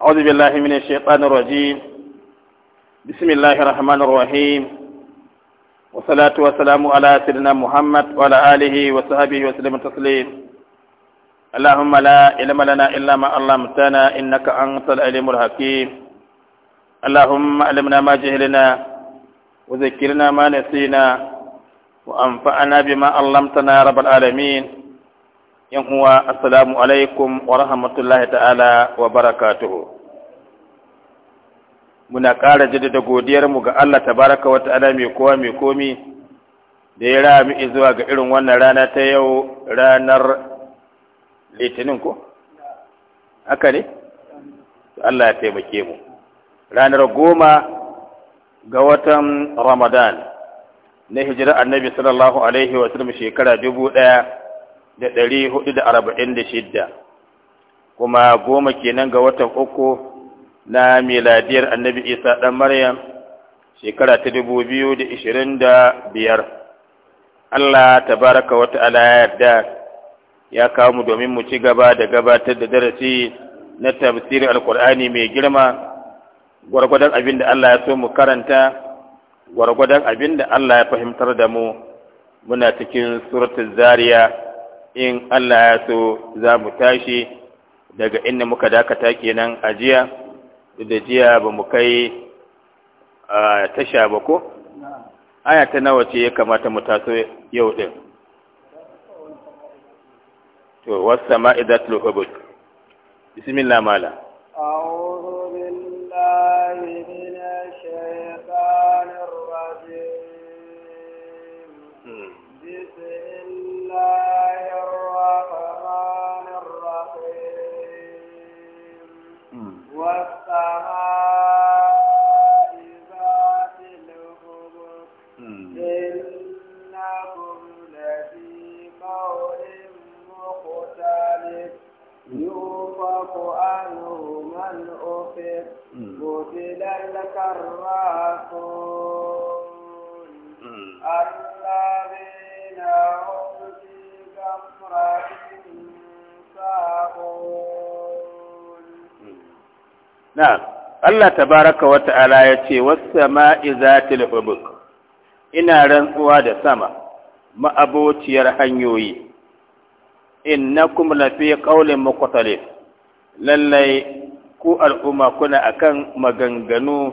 أعوذ بالله من الشيطان الرجيم بسم الله الرحمن الرحيم والصلاة والسلام على سيدنا محمد وعلى آله وصحبه وسلم تسليم اللهم لا علم لنا إلا ما علمتنا إنك أنت العليم الحكيم اللهم علمنا ما جهلنا وذكرنا ما نسينا وأنفعنا بما علمتنا رب العالمين yan uwa assalamu alaikum wa rahmatullahi ta'ala wa barakatuhu muna ƙara jaddada godiyarmu ga Allah tabaraka wa ta'ala mai kowa mai komi da ya mu zuwa ga irin wannan rana ta yau ranar litinin ko haka ne Allah ya taimake mu ranar goma ga watan ramadan na hijira annabi sallallahu alaihi wa sallam shekara dubu ɗaya da ɗari hudu da arba'in da shidda kuma goma kenan ga watan uku na miladiyar annabi isa ɗan maryam shekara ta dubu biyu da ishirin da biyar allah tabaraka wa ta'ala ya yarda ya kawo mu domin mu ci gaba da gabatar da darasi na tafsirin alkur'ani mai girma gwargwadon abin da allah ya so mu karanta gwargwadon abin da allah ya fahimtar da mu muna cikin suratul zariya in Allah ya so za mu tashi daga inda muka dakata kenan a jiya da jiya ba mu kai tasha ba ko aya ta nawa ce ya kamata mu taso yau ɗin. to wasa ma'idat lukabut bismillah mala أعوذ Allah ta baraka Wata Ala Allah ya ce, Wasu ma'i zatil ina rantsuwa da sama, ma'abociyar hanyoyi, kuma lafi ƙaunin makwatalif, lallai ku al'umma kuna akan maganganu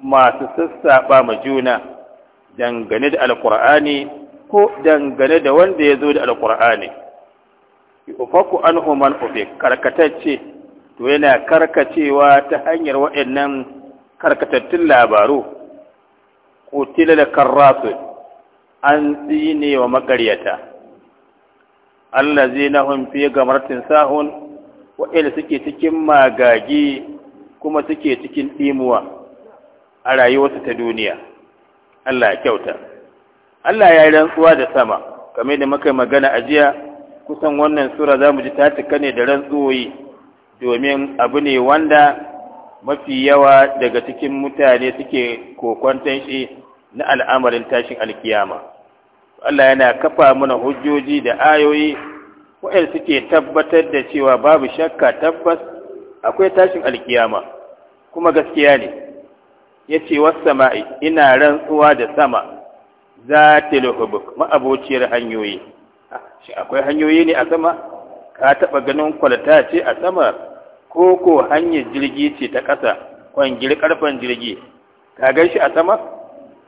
masu sassaɓa ma juna dangane da alƙur'ani ko dangane da wanda ya zo da alƙur'ani ufaku an man ufe karkatacce to yana karkacewa ta hanyar waɗannan karkatattun labaru kutila da karrasu an tsine wa maƙaryata allazina fiye fi martin sahun waɗanda suke cikin magagi kuma suke cikin ɗimuwa a rayuwarsu ta duniya Allah ya kyauta Allah ya yi rantsuwa da sama kamar da muka magana a jiya kusan wannan sura za mu ji ta cika ne da rantsuwoyi domin abu ne wanda mafi yawa daga cikin mutane suke kokwanton shi na al'amarin tashin alkiyama Allah yana kafa mana hujjoji da ayoyi wa'yar suke tabbatar da cewa babu shakka tabbas akwai tashin alkiyama kuma gaskiya ne ya ce sama'i ina rantsuwa da sama za ta lahubuk ma'abociyar hanyoyi ah, shi akwai hanyoyi ne a sama ka taɓa ganin kwalata ce a sama ko ko hanyar jirgi ce ta ƙasa kwangir ƙarfen jirgi ka gan shi a sama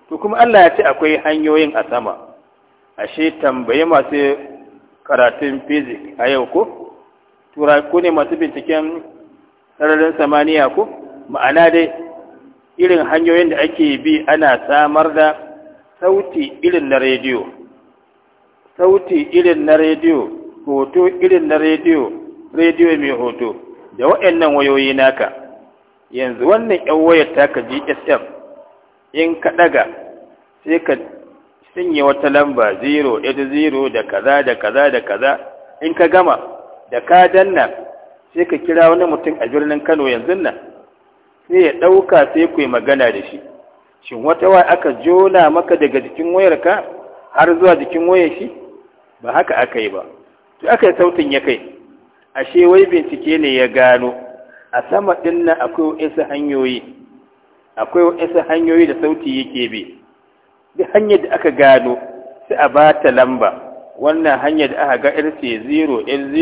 to kuma allah ya ce akwai hanyoyin a sama ashe tambayi masu karatun fizik a yau ko tura ku ne masu binciken sararin samaniya ku? ma'ana dai irin hanyoyin da ake bi ana samar da sauti irin na rediyo sauti irin na rediyo hoto irin na rediyo rediyo mai hoto da waɗannan wayoyi naka yanzu wannan 'yan wayar taka gsm in ka ɗaga sai ka yi wata lamba zero zero da kaza da kaza da kaza in ka gama da ka danna sai ka kira wani mutum a birnin Kano yanzu nan sai ya ɗauka sai ku yi magana da shi shin wata waya aka jona maka daga jikin wayarka har zuwa jikin wayar shi ba haka aka yi ba to aka yi sautin ya kai ashe wai bincike ne ya gano a sama ɗin nan akwai wasu hanyoyi akwai wasu hanyoyi da sauti yake bi duk hanyar da aka gano sai a ba ta lamba wannan hanyar da aka ga rc 0 l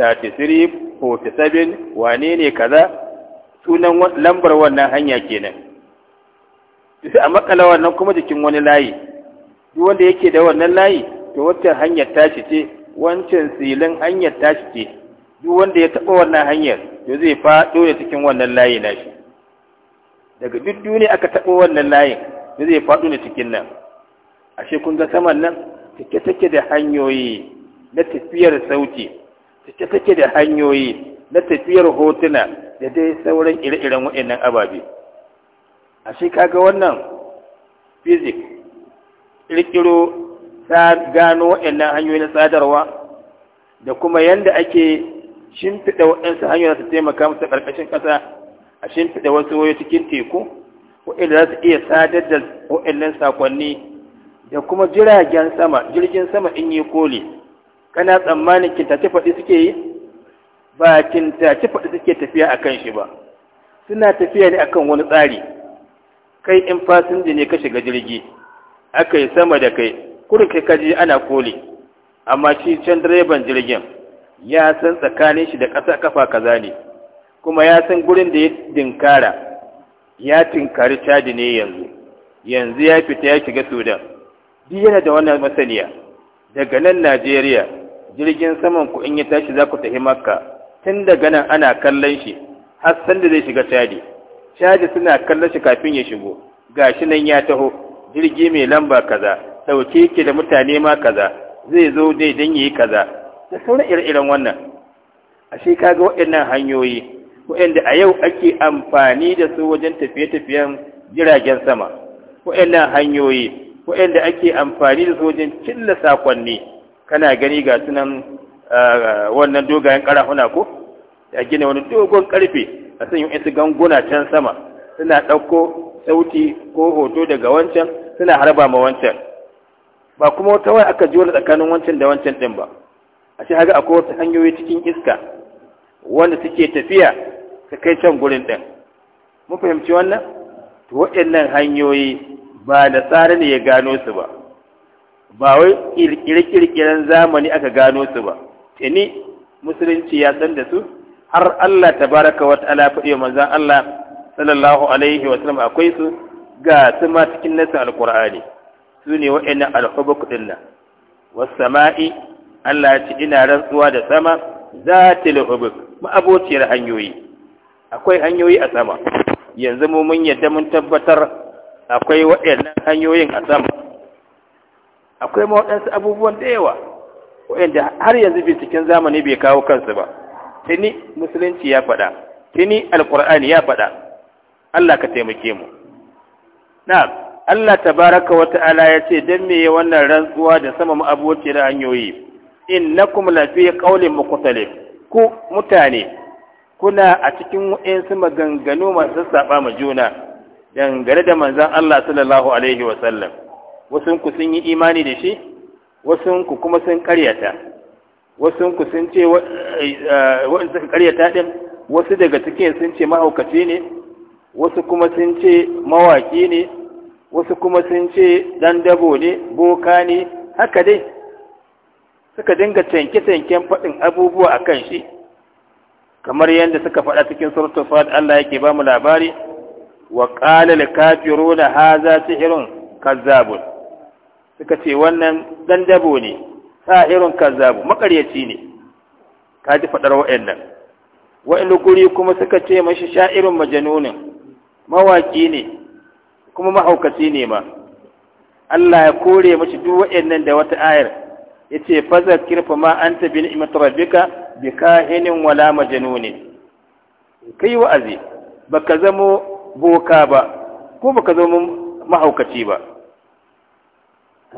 33 47 wane ne kaza sunan lambar wannan hanya kenan sai a makala wannan kuma jikin wani layi duk wanda yake da wannan layi to wacce hanyar tashi ce wancan silin hanyar tashi ce duk wanda ya taɓa wannan hanyar to zai faɗo ne cikin wannan layi na shi. daga duk duniya aka taɓa wannan layin ne zai faɗo ne cikin nan ashe kun ga saman nan take take da hanyoyi na tafiyar sauti take take da hanyoyi na tafiyar hotuna da dai sauran ire-iren waɗannan ababe ashe kaga wannan fizik ƙirƙiro ta gano waɗannan hanyoyi na sadarwa da kuma yanda ake shimfiɗa waɗansu hanyoyi su taimaka musu ƙarƙashin ƙasa a shimfiɗa wasu wayo cikin teku wa'inda za su iya sadar da wa'in sakonni da kuma jiragen sama jirgin sama in yi koli kana tsammanin kintace faɗi suke yi ba kintace faɗi suke tafiya a kan shi ba suna tafiya ne akan wani tsari kai in fasinja ne ka shiga jirgi aka yi sama da kai kurin kai kaji ana koli amma shi can direban jirgin ya san tsakanin shi da ƙasa kafa kaza kuma ya san gurin da ya dinkara ya tinkari cadi ne yanzu yanzu ya fita ya shiga sudan duk yana da wannan masaniya daga nan najeriya jirgin saman ku in ya tashi za ku tafi makka tun daga nan ana kallon shi har san da zai shiga cadi cadi suna kallon shi kafin ya shigo gashi nan ya taho jirgi mai lamba kaza dauke yake da mutane ma kaza zai zo dai dan yayi kaza da sauran ire-iren wannan ashe kaga waɗannan hanyoyi waɗanda a yau ake amfani da su wajen tafiye-tafiyen jiragen sama waɗannan hanyoyi waɗanda ake amfani da su wajen cilla sakonni kana gani ga sunan wannan dogayen karafuna ko da gina wani dogon karfe a sanya yi ganguna can sama suna ɗauko sauti ko hoto daga wancan suna harba ma wancan ba kuma wata wai aka jona tsakanin wancan da wancan ɗin ba a shi haka akwai wata hanyoyi cikin iska wanda suke tafiya su kai can gurin ɗin mun fahimci wannan to waɗannan hanyoyi ba da tsari ne ya gano su ba ba wai zamani aka gano su ba tuni musulunci ya san da su har Allah ta wa ta'ala faɗi wa manzon Allah sallallahu alaihi wa sallam akwai su ga su ma cikin nasin alƙur'ani su ne waɗannan alhubu kuɗin nan wasu sama'i Allah ya ci ina rantsuwa da sama zatil hubuk ma'abociyar hanyoyi akwai hanyoyi a sama yanzu mu mun yadda mun tabbatar akwai waɗannan hanyoyin a sama akwai waɗansu abubuwan da yawa waɗanda har yanzu binciken zamani bai kawo kansu ba tuni musulunci ya faɗa tuni alƙur'ani ya faɗa Allah ka taimake mu na'am Allah tabaraka wa ta'ala ya ce dan me wannan rantsuwa da sama mu da hanyoyi innakum la fi qawlin mukhtalif ku mutane kuna a cikin su maganganu masu saba ma juna dangane da manzon Allah sallallahu alaihi wa sallam wasun ku sun yi imani da shi wasun ku kuma sun karyata wasun ku sun ce eh, wa'in sun karyata din wasu daga cikin sun ce mahaukaci ne wasu kuma sun ce mawaki ne wasu kuma sun ce dan dabo ne boka ne haka dai suka dinga tanke-tanken faɗin abubuwa a kan shi kamar yadda suka faɗa cikin suratul Allah yake ba mu labari wa qala lil kafiruna hadha sihrun kazzabun suka ce wannan dan dabo ne sahirun kazzabu makaryaci ne ka ji faɗar wa'annan wa'in guri kuma suka ce mashi sha'irin majanunin mawaki ne kuma mahaukaci ne ma Allah ya kore mashi duk wa'annan da wata ayar yace fazakir fa ma anta bi ni'mat rabbika bi kahinin wala majnunin kai wa'azi baka zamo boka ba ko baka zamo mahaukaci ba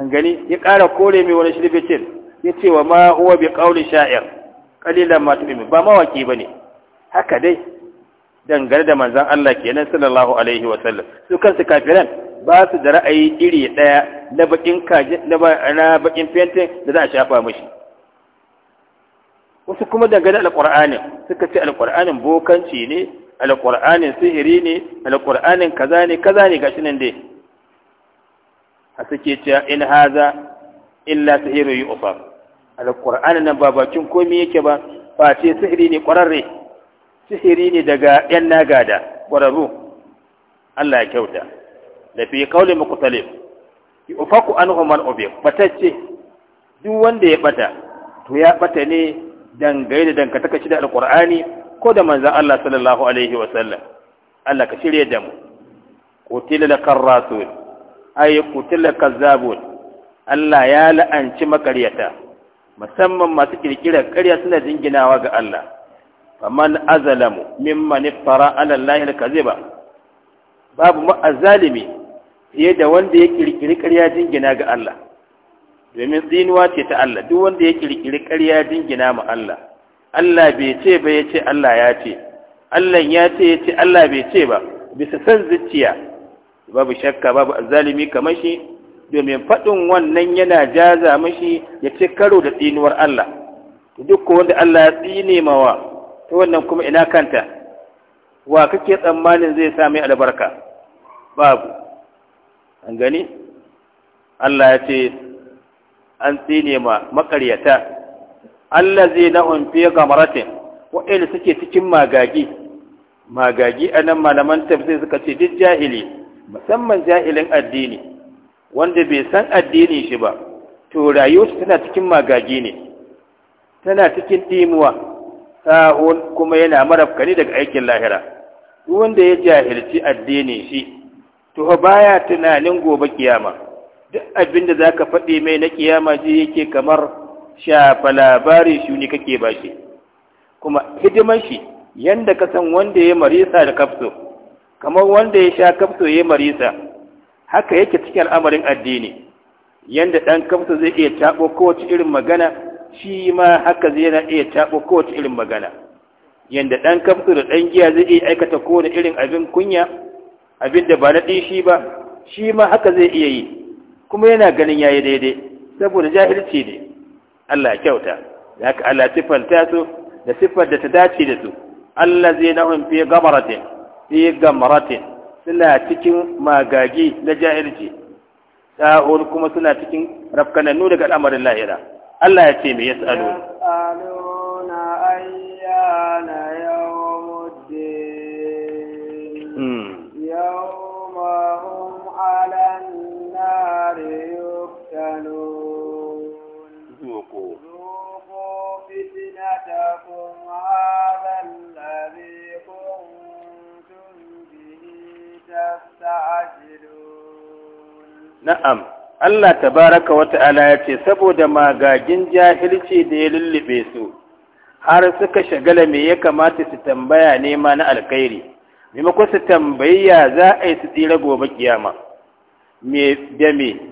an gani ya ƙara kore mai wani shirbicin ya ce wa ma huwa bi ƙaunin sha'ir ƙalilan matu ba mawaki ba ne haka dai dangane da manzan Allah kenan sallallahu alaihi wa sallam su kansu kafiran ba su da ra'ayi iri daya na bakin kaje na bakin fentin da za a shafa mashi wasu kuma dangane alqur'ani suka ce alqur'anin bokanci ne alqur'anin sihiri ne alqur'anin kaza ne kaza ne gashi nan dai a suke cewa in haza illa sihiru yu'fa alqur'anin nan ba bakin komai yake ba face sihiri ne ƙwararre sihiri ne daga ‘yan nagada ƙwararru Allah ya kyauta da fi kaule mukutalif ki ufaku an umar obe batacce duk wanda ya bata to ya bata ne dangane da dangantaka shi da alqur'ani ko da manzan Allah sallallahu alaihi wa sallam Allah ka shirya da mu qutila karrasul ay qutila kazzabun Allah ya la'anci makaryata musamman masu kirkira ƙarya suna jinginawa ga Allah faman azalamu mimman iftara ala Allah al-kaziba babu ma azalimi fiye da wanda ya kirkiri ƙarya jingina ga Allah domin tsinuwa ce ta Allah duk wanda ya kirkiri ƙarya jingina ma Allah Allah bai ce ba ya ce Allah ya ce Allah ya ce ya ce Allah bai ce ba bisa san zuciya babu shakka babu azalimi kamar shi domin faɗin wannan yana jaza mashi ya ce karo da tsinuwar Allah duk wanda Allah ya tsine mawa to wannan kuma ina kanta wa kake tsammanin zai sami albarka babu an gani Allah ya ce an tsine ma makaryata allazi nahum fi gamaratin wa'ila suke cikin magagi magagi anan malaman tafsir suka ce duk jahili musamman jahilin addini wanda bai san addini shi ba to rayuwarsa tana cikin magagi ne tana cikin timuwa sahun kuma yana marafkani daga aikin lahira duk wanda ya jahilci addini shi to baya tunanin gobe kiyama duk abinda da zaka faɗi mai na kiyama ji yake kamar shafa labari shi kake bashi. kuma hidiman shi yanda ka san wanda ya marisa da kafso kamar wanda ya sha kafso ya marisa haka yake cikin al'amarin addini yanda dan kafso zai iya tabo kowace irin magana shi ma haka zai na iya taɓa kowace irin magana yadda ɗan kamsu da ɗan giya zai iya aikata kowane irin abin kunya abin da ba na ɗin shi ba shi ma haka zai iya yi kuma yana ganin ya yi daidai saboda jahilci ne Allah kyauta da haka Allah siffanta su da siffar da ta dace da su Allah zai na hun fiye gamaratin fiye gamaratin suna cikin magagi na jahilci sa'on kuma suna cikin rafkanannu daga al'amarin lahira اللاتيم يسألون يسألون أيان يوم الدين يوم هم على النار يفتنون ذوقوا ذوقوا فتنتكم هذا الذي كنتم به تستعجلون نعم Allah tabaraka wa ta'ala ya ce saboda magagin jahilci da ya lullube su har suka shagala me ya kamata su tambaya nema na alkhairi maimakon su tambayi ya za a yi su tsira gobe kiyama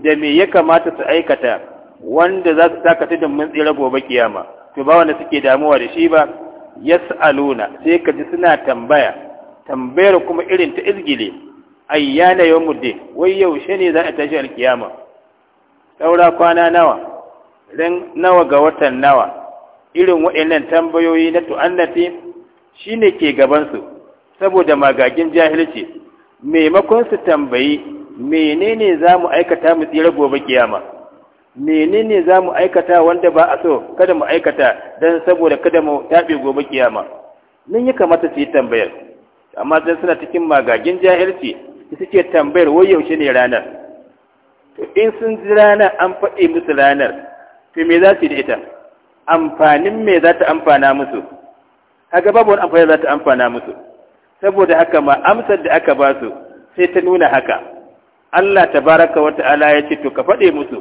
da me ya kamata su aikata wanda za su takata da mun tsira gobe kiyama to ba wanda suke damuwa da shi ba sa’aluna sai ka ji suna tambaya tambayar kuma irin ta izgile ayyana mudde, wai yaushe ne za a tashi alkiyama saura kwana nawa ran nawa ga watan nawa irin waɗannan tambayoyi na tu'annati shine ke gabansu saboda magagin jahilci maimakon su tambayi menene za mu aikata mu tsira gobe kiyama menene za mu aikata wanda ba a so kada mu aikata don saboda kada mu taɓe gobe kiyama nan ya kamata su yi tambayar amma don suna cikin magagin jahilci suke tambayar wai yaushe ne ranar to in sun ji ranar an faɗe musu ranar to me za su yi da ita amfanin me za ta amfana musu haka babu wani amfani za ta amfana musu saboda haka ma amsar da aka ba su sai ta nuna haka Allah ta baraka wa ta'ala ya ce to ka faɗe musu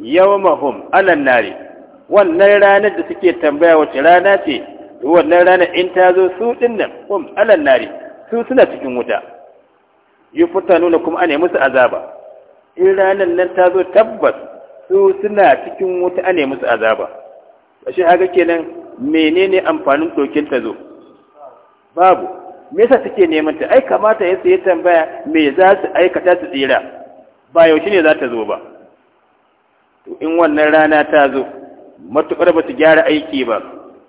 yau yawmahum alan nari wannan ranar da suke tambaya wace rana ce wannan ranar in ta zo su ɗin nan hum alan nari su suna cikin wuta nuna kuma ane musu azaba in ranar nan ta zo tabbas su suna cikin wuta nemi musu azaba ashe haka kenan menene amfanin dokin ta zo babu me yasa suke neman ta ai kamata ya sai tambaya me za su aikata su tsira ba yaushe ne za ta zo ba to in wannan rana ta zo matuƙar ba su gyara aiki ba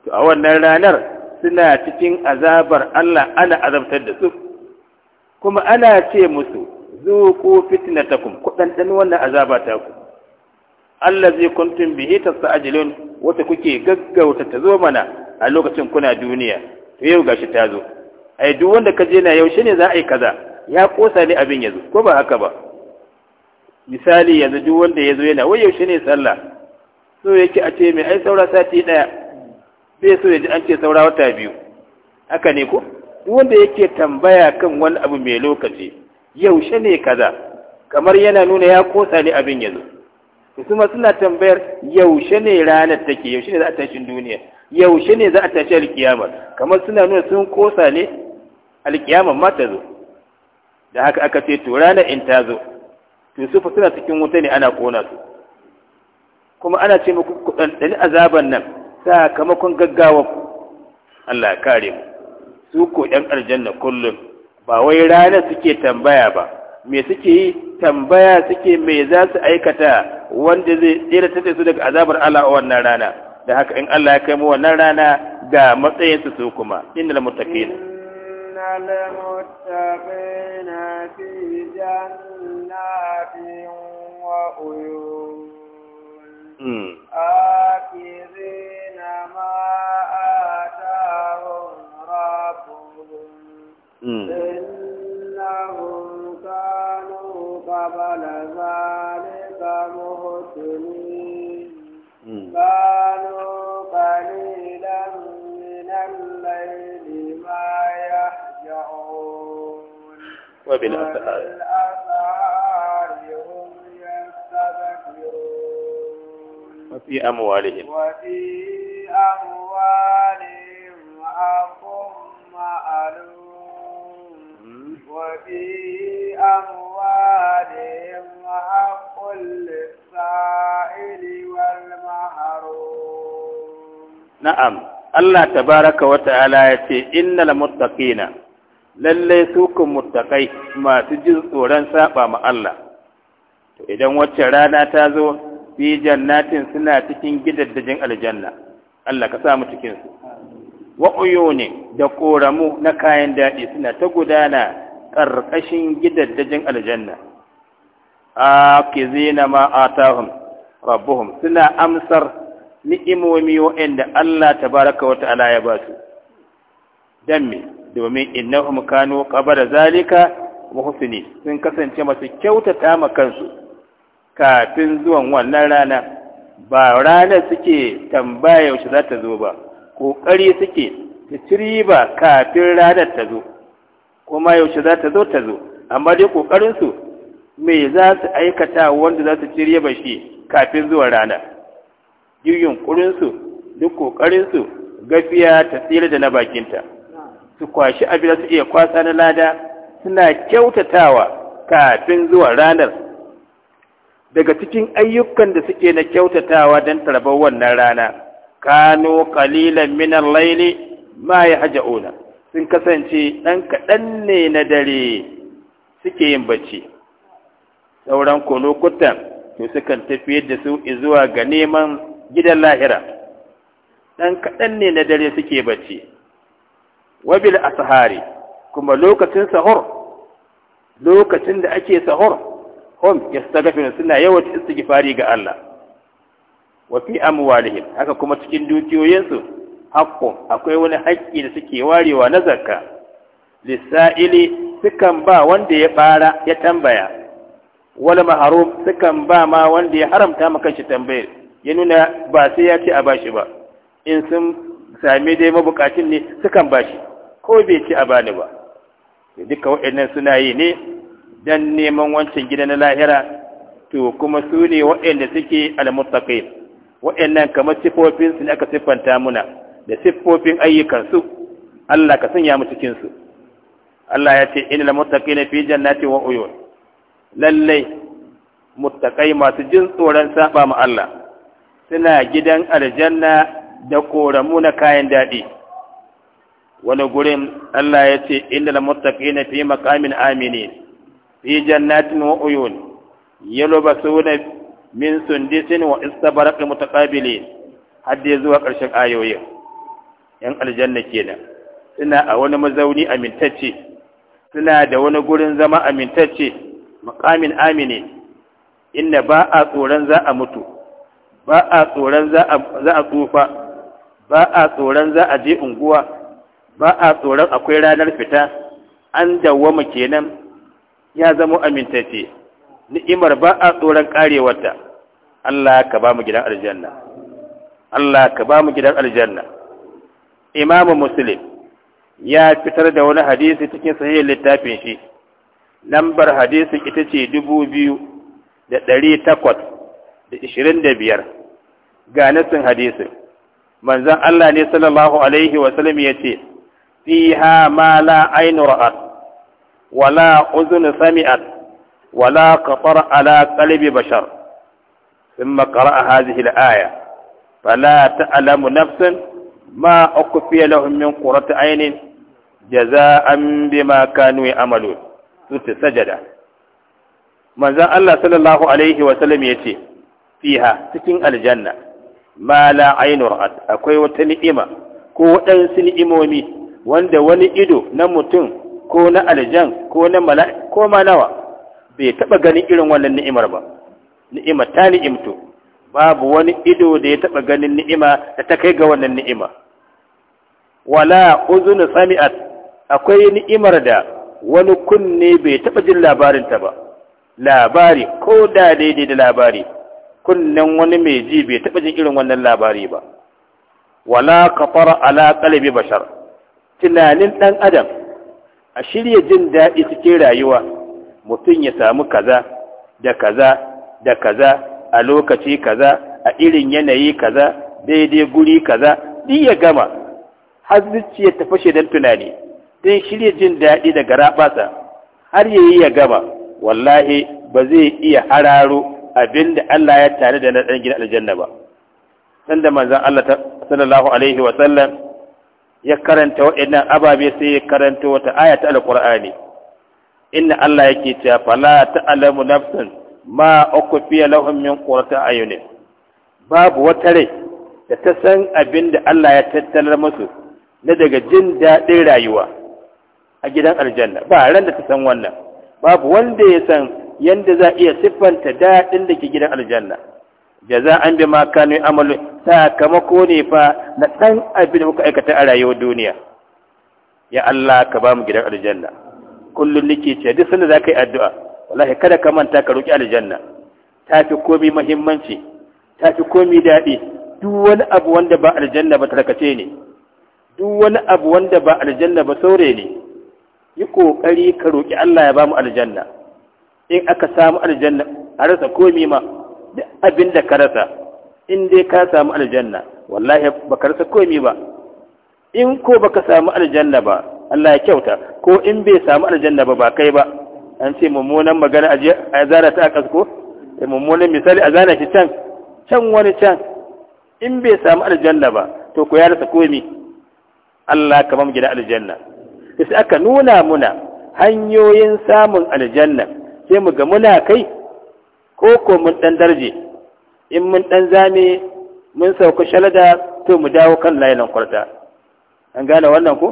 to a wannan ranar suna cikin azabar Allah ana azabtar da su kuma ana ce musu zuku fitnatakum ku dan wannan azaba ta ku allazi kuntum bihi tasta'jilun wata kuke gaggauta ta zo mana a lokacin kuna duniya to yau gashi ta zo ai duk wanda ka je na yaushe ne za a yi kaza ya kosa ne abin yazo ko ba haka ba misali yanzu duk wanda yazo yana wai yaushe ne sallah so yake a ce mai ai saura sati daya bai so ya an ce saura wata biyu haka ne ko duk wanda yake tambaya kan wani abu mai lokaci yaushe ne kaza kamar yana nuna ya kosa ne abin yanzu kuma suna tambayar yaushe ne ranar take yaushe ne za a tashi duniya yaushe ne za a tashi alkiyama kamar suna nuna sun kosa ne alkiyama ma ta zo da haka aka ce to ranar in ta zo to su fa suna cikin wuta ne ana kona su kuma ana ce muku ku ɗanɗani azaban nan sakamakon gaggawa Allah ya kare mu su ko ɗan aljanna kullum ba wai rana suke tambaya ba me suke yi tambaya suke me za su aikata wanda zai tsira da su daga azabar Allah a wannan rana da haka in Allah ya kai mu wannan rana ga matsayin su kuma Inna lil muttaqin fi وبالأسهار وفي أموالهم وفي أموالهم أخم معلوم وفي أموالهم حق للسائل والمحروم نعم الله تبارك وتعالى يتي إن المتقين lallai su mutakai masu jin tsoron saba ma Allah to idan wacce rana ta zo fi jannatin suna cikin gidaddajin aljanna Allah ka sa mu cikin su da ƙoramu na kayan daɗi suna ta gudana ƙarƙashin gidaddajin aljanna akizina ma atahum rabbuhum suna amsar ni'imomi waɗanda Allah ta baraka wata ala ya ba su dan me domin innahum kanu qabara zalika muhsinin sun kasance masu kyautata ma kansu kafin zuwan wannan rana ba ranar suke tambaya yaushe za ta zo ba kokari suke ta kafin ranar ta zo kuma yaushe za ta zo ta zo amma dai kokarin me za su aikata wanda za su ba shi kafin zuwan rana duk yunkurin duk kokarin gafiya ta tsira da na bakinta su kwashi abin da su iya kwasa na lada suna kyautatawa kafin zuwa ranar daga cikin ayyukan da suke na kyautatawa don tarbar wannan rana kano kalilan minan laili ma ya haja'una sun kasance ɗan kaɗan ne na dare suke yin bacci sauran ko lokutan to sukan tafiyar da su zuwa ga neman gidan lahira ɗan kaɗan ne na dare suke bacci wa bil ashari kuma lokacin sahur lokacin da ake sahur hum yastaghfiruna suna yawan istighfari ga Allah wa fi amwalihim haka kuma cikin dukiyoyinsu hakko akwai wani haƙƙi da suke warewa na zakka lisa'ili sukan ba wanda ya fara ya tambaya wala maharum sukan ba ma wanda ya haramta maka shi tambayar ya nuna ba sai ya ce a bashi ba in sun sami dai mabukacin ne sukan bashi ko bai ci a bani ba duka waɗannan suna yi ne don neman wancan gida na lahira to kuma su ne waɗanda suke almuttaqin waɗannan kamar sifofin su ne aka siffanta muna da siffofin ayyukansu Allah ka sanya mu cikin su Allah ya ce innal muttaqina fi jannati wa uyun lallai muttaqai masu jin tsoron saɓa ma Allah suna gidan aljanna da koramu na kayan daɗi wani gurin Allah ya ce inda illal na fi makamin amini fi jannatin wa uyun yalbasuna min sundisin wa istabraq mutaqabilin hadde zuwa ƙarshen ayoyin yan aljanna kenan suna a wani mazauni amintacce suna da wani gurin zama amintacce makamin amini inda ba a tsoron za a mutu ba a tsoron za a tsufa ba a tsoron za a je unguwa ba a tsoron akwai ranar fita an dawwama kenan ya zama amintacce ni'imar ba a tsoron karewarta Allah ka ba mu gidan aljanna Allah ka ba mu gidan aljanna Imam Muslim ya fitar da wani hadisi cikin sahihin littafin shi lambar hadisin ita ce dubu biyu da ɗari takwas da ishirin da biyar ga nasin hadisin manzon Allah ne sallallahu alaihi sallam ya ce فيها ما لا عين رأت ولا أذن سمعت ولا قطر على قلب بشر ثم قرأ هذه الآية فلا تعلم نفس ما أكفي لهم من قرة عين جزاء بما كانوا يعملون سورة السجدة من ذا الله صلى الله عليه وسلم يتي فيها aljanna, الجنة ما لا عين رأت أكوي وتنئمة كو أنس نئمومي wanda wani ido na mutum ko na aljan ko na mala'i ko ma nawa bai taɓa ganin irin wannan ni'imar ba ni'ima ta ni'imto babu wani ido da ya taɓa ganin ni'ima da ta kai ga wannan ni'ima wala uzun sami'at akwai ni'imar da wani kunne bai taɓa jin labarinta ba labari ko da daidai da labari kunnen wani mai ji bai taɓa jin irin wannan labari ba wala kafara ala qalbi bashar tunanin ɗan adam a shirya jin daɗi cikin rayuwa mutum ya samu kaza da kaza da kaza a lokaci kaza a irin yanayi kaza daidai guri kaza duk ya gama har zuciya ta fashe don tunani don shirya jin daɗi daga raɓasa har ya yi ya gama wallahi ba zai iya hararo abin da Allah ya tare da na ɗan gina aljanna ba sanda manzan Allah sallallahu alaihi wa sallam ya karanta waɗannan ababe sai ya karanta wata aya ta alƙur'ani inna Allah yake cewa fala ta'lamu nafsan ma ukfiya lahum min qurrati ayunin babu wata rai da ta san abin da Allah ya tattalar musu na daga jin daɗin rayuwa a gidan aljanna ba ran da ta san wannan babu wanda ya san yanda za iya siffanta daɗin da ke gidan aljanna jaza'an ma kanu amalu sakamako ne fa na dan abin da muka aikata a rayuwar duniya ya Allah ka ba mu gidan aljanna kullun liki ce duk sanda zakai yi addu'a wallahi kada ka manta ka roki aljanna tafi komai muhimmanci tafi komai dadi duk wani abu wanda ba aljanna ba tarkace ne duk wani abu wanda ba aljanna ba saure ne yi kokari ka roki Allah ya ba mu aljanna in aka samu aljanna a rasa komai ma duk abin da ka rasa in dai ka samu aljanna wallahi ba ka rasa komai ba in ko baka samu aljanna ba Allah ya kyauta ko in bai samu aljanna ba ba kai ba an ce mummunan magana a zara ta akas ko eh, mummunan misali a zana shi can can wani can in bai samu aljanna ba to ku ya rasa komi Allah ka bamu gida aljanna sai aka nuna muna hanyoyin samun aljanna sai mu ga muna kai ko ko mun ɗan darje in mun ɗan zame mun sauka shalada to mu dawo kan layin kwarta an gane wannan ko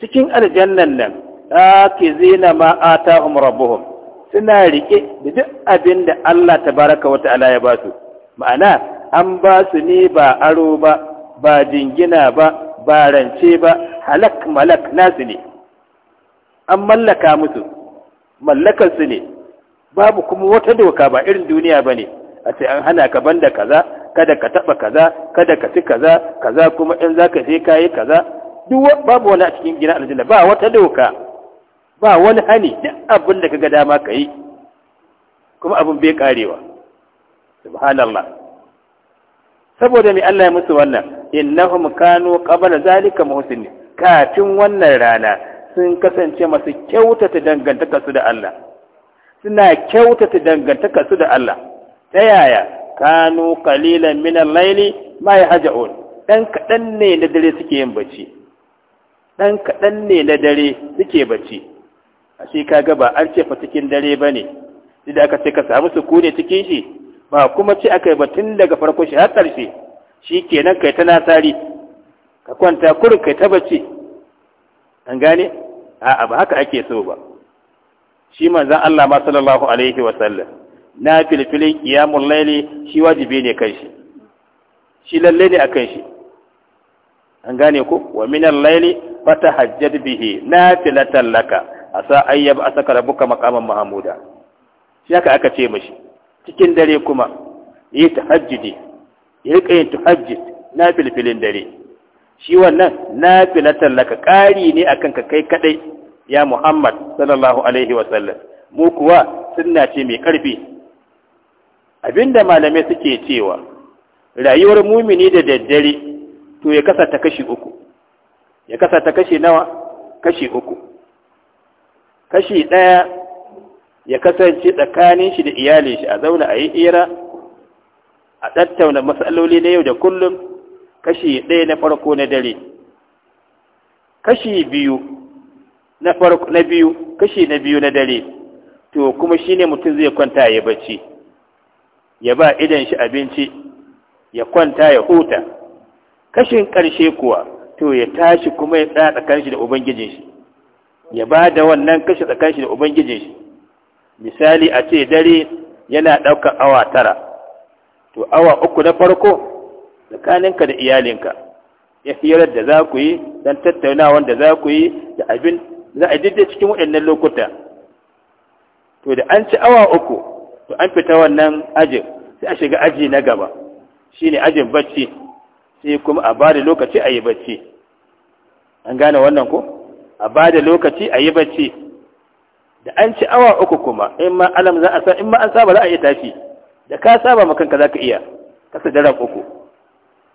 cikin aljannan nan ake zina ma atahum rabbuhum suna rike da duk abin da Allah baraka wata ala ya basu ma'ana an ba su ne ba aro ba ba jingina ba ba rance ba halak malak nasu ne an mallaka musu mallakar su ne babu kuma wata doka ba irin duniya ba ne a ce an hana ka banda kaza kada ka taɓa kaza kada ka ci kaza kaza kuma in za ka je ka yi kaza duk babu wani a cikin gidan aljanna ba wata doka ba wani hani duk abin da kaga dama ka yi kuma abin bai karewa subhanallah saboda mai Allah ya musu wannan innahum kanu qabla zalika muhsinin kafin wannan rana sun kasance masu kyautata dangantaka su da Allah suna kyautata dangantaka su da Allah ta yaya kanu qalilan min al-layli ma yahjaun dan kadan ne na dare suke yin bacci dan kadan ne na dare suke bacci shi kaga ba an ce fa cikin dare bane idan aka ce ka samu su kune cikin shi ba kuma ce aka yi batun daga farko shi har ƙarshe kenan kai ta nasari ka kwanta kurin kai ta bacci an gane a'a ba haka ake so ba shi manzan Allah ma sallallahu alaihi wa sallam na filfilin qiyamul laili shi wajibi ne kan shi shi lalle ne akan shi an gane ko wa min al-laili fatahajjad bihi na filatan laka asa ayyab saka rabbuka maqaman mahmuda shi haka aka ce mishi cikin dare kuma yi tahajjudi yi rika yin na filfilin dare shi wannan na filatan laka ƙari ne akan ka kai kadai ya Muhammad sallallahu alaihi wasallam mu kuwa sunna ce mai karfi abinda malamai suke cewa rayuwar mumini da daddare to ya kasa ta kashi uku ya kasa ta kashi nawa kashi uku kashi ɗaya ya kasance tsakanin shi da iyalin shi a zauna a yi hira a tattauna matsaloli na yau da kullum kashi ɗaya na farko na dare kashi biyu na farko na biyu kashi na biyu na dare to kuma shine mutum zai kwanta ya bacci ya ba idan shi abinci ya kwanta ya huta kashin karshe kuwa to ya tashi kuma ya tsaya tsakanin shi da ubangijin shi ya ba da wannan kashi tsakanin shi da ubangijin shi misali a ce dare yana ɗaukar awa tara to awa uku na farko tsakaninka da iyalinka ya hirar da za ku yi don tattaunawa da za ku yi da abin za a daidai cikin waɗannan lokuta to da an ci awa uku to an fita wannan ajin sai a shiga aji na gaba shine ajin bacci sai kuma a ba da lokaci a yi bacci an gane wannan ko a ba da lokaci a yi bacci da an ci awa uku kuma in ma alam za a sa in ma an saba za a iya tashi da ka saba ma kanka za ka iya kasa daren uku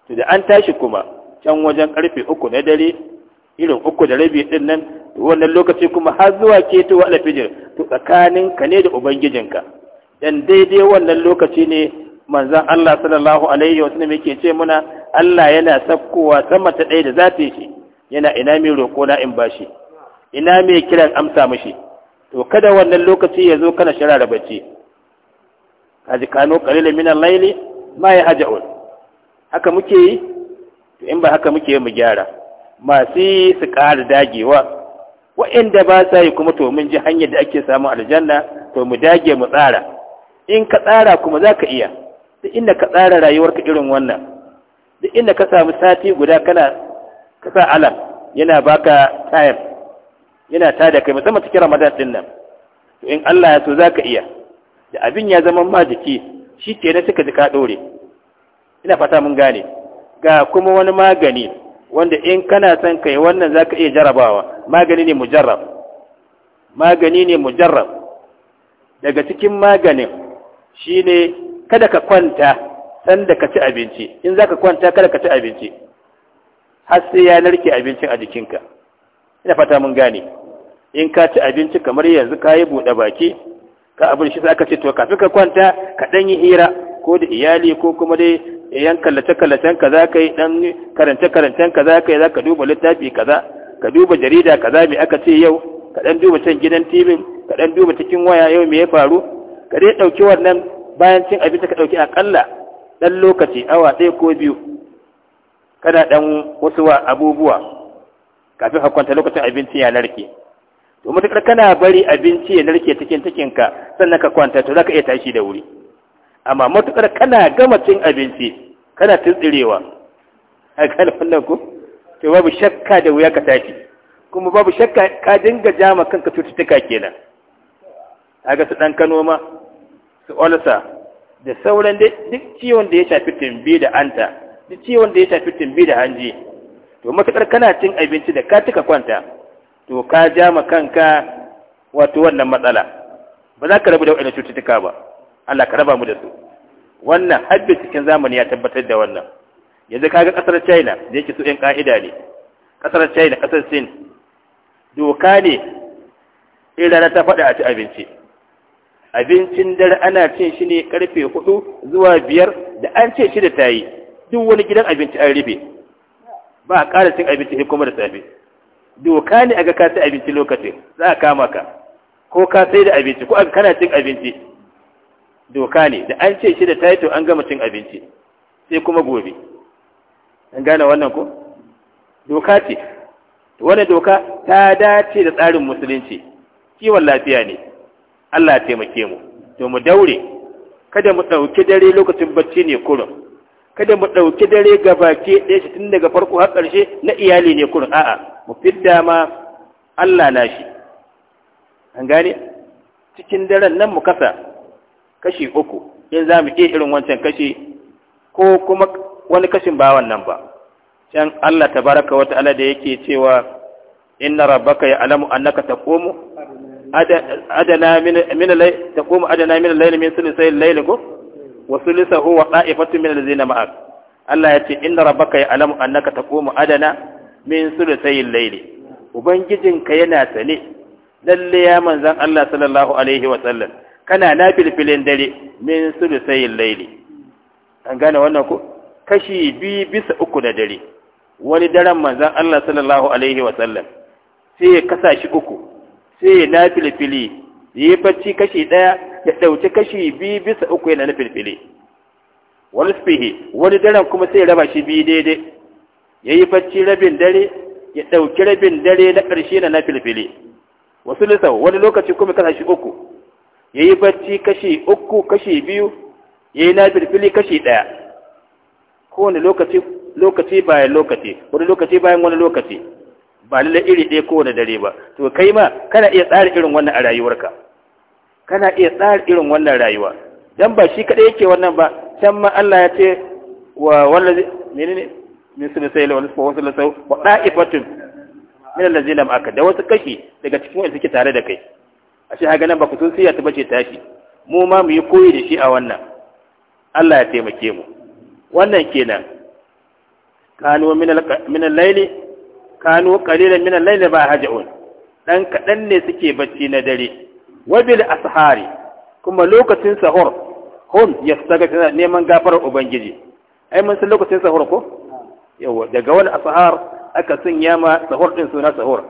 to da an tashi kuma can wajen karfe uku na dare irin uku da rabi din nan wannan lokaci kuma har zuwa keto alfijir to tsakanin ka ne da ubangijinka dan daidai wannan lokaci ne manzon Allah sallallahu alaihi wasallam yake ce muna Allah yana sakkowa sama ta ɗaya da zafi shi yana ina mai roƙo na in bashi ina mai kiran amsa mishi to kada wannan lokaci ya zo kana shirara bacci kaji kano qalilan min al-layli ma yahja'un haka muke yi to in ba haka muke mu gyara masu su ƙara dagewa wa'inda ba sa yi kuma to mun ji hanyar da ake samun aljanna to mu dage mu tsara in ka tsara kuma za ka iya duk inda ka tsara rayuwarka irin wannan duk inda ka samu sati guda kana ka sa alam yana baka tayar yana tada kai musamman cikin ramadan din nan to in Allah ya so za ka iya da abin ya zama ma jiki shi na suka ji ka ɗore ina fata mun gane ga kuma wani magani wanda in kana son kai wannan za ka iya jarabawa magani ne mujarrab magani ne mujarrab daga cikin maganin ne, kada ka kwanta sanda ka ci abinci in ka kwanta kada ka ci abinci har sai ya narke abincin a jikinka ina fata mun gane in ka ci abinci kamar yanzu ka yi buɗe baki ka abin shi ka ce to kafin ka kwanta ka ɗan yi hira ko da iyali ko kuma dai yan kallace-kallacen ka za ka yi dan karance-karancen ka za ka yi za ka duba littafi kaza ka duba jarida kaza mai aka ce yau ka dan duba can gidan tv ka dan duba cikin waya yau me ya faru ka dai dauki wannan bayan cin abinci ka dauki akalla dan lokaci awa ɗaya ko biyu kana dan wasu wa abubuwa kafin ka kwanta lokacin abinci ya narke to matuƙar kana bari abinci ya narke cikin cikinka sannan ka kwanta to za ka iya tashi da wuri amma matuƙar kana gama cin abinci kana tuntsirewa a kan wannan ku to babu shakka da wuya ka tashi kuma babu shakka ka dinga jama kanka cututtuka kenan ga su dan kano ma su olsa da sauran duk ciwon da ya shafi tumbi da anta duk ciwon da ya shafi tumbi da hanji to matuƙar kana cin abinci da ka tuka kwanta to ka jama kanka wato wannan matsala ba za ka rabu da waɗannan cututtuka ba Allah ka raba mu da su wannan hadda cikin zamani ya tabbatar da wannan yanzu kaga kasar China da yake so ɗan ka'ida ne kasar China kasar Sin doka ne in ta faɗa a ci abinci abincin dare ana cin shi ne karfe hudu zuwa biyar da an ce shi da tayi duk wani gidan abinci an rufe ba a ƙara cin abinci ne kuma da safe doka ne a ga ka ci abinci lokacin za a kama ka ko ka sai da abinci ko kana cin abinci doka ne da an ce shi da taito an gama cin abinci sai kuma gobe an gane wannan ko doka ce wannan doka ta dace da tsarin musulunci kiwon lafiya ne Allah ya taimake mu to mu daure kada mu dauki dare lokacin bacci ne kurum kada mu dauki dare ga baki ɗaya shi tun daga farko har ƙarshe na iyali ne kurin a'a mu fidda ma Allah na shi an gane cikin daren nan mu kasa kashi uku in za mu iya irin wancan kashi ko kuma wani kashin ba wannan ba can Allah Ta baraka wata ala da yake cewa inna rabbaka alamu annaka taqumu adana min al-layl taqumu adana min al-layl min sulusay al-layl ko wa sulusahu wa qa'ifatu min allazina ma'ak Allah yace inna rabbaka alamu annaka taqumu adana min sulusay al-layl ubangijinka yana sane lalle ya manzan Allah sallallahu alaihi wa sallam kana na filfilin dare min sayin laili an gane wannan ko kashi biyu bisa uku da dare wani daren manzan Allah sallallahu alaihi wa sallam sai ya uku sai ya na filfili yi bacci kashi ɗaya ya ɗauki kashi biyu bisa uku yana na filfili wani spihi wani daren kuma sai ya raba shi biyu daidai ya yi bacci rabin dare ya ɗauki rabin dare na karshe na na filfili wasu lissau wani lokaci kuma kasashi shi uku ya yi barci kashi uku kashi biyu ya yi nafilfili kashi ɗaya kowane lokaci lokaci bayan lokaci wani lokaci bayan wani lokaci ba lalle iri ɗaya kowane dare ba to kai ma kana iya tsara irin wannan a rayuwarka kana iya tsara irin wannan rayuwa dan ba shi kaɗai yake wannan ba can ma Allah ya ce wa wallazi menene min sulusai la wasu wasu sau? wa da'ifatun min allazina ma'aka da wasu kashi daga cikin wanda suke tare da kai a shi haganan ba sun siya ta bace tashi mu ma mu yi koyi da shi a wannan Allah ya taimake mu wannan kenan kanu min al laili kanu qalilan min al ba haja'un dan kadan ne suke bacci na dare wabil ashari kuma lokacin sahur ya yastaga neman gafarar ubangiji ai mun san lokacin sahur ko yawa daga wani ashar aka sun yama sahur din suna sahur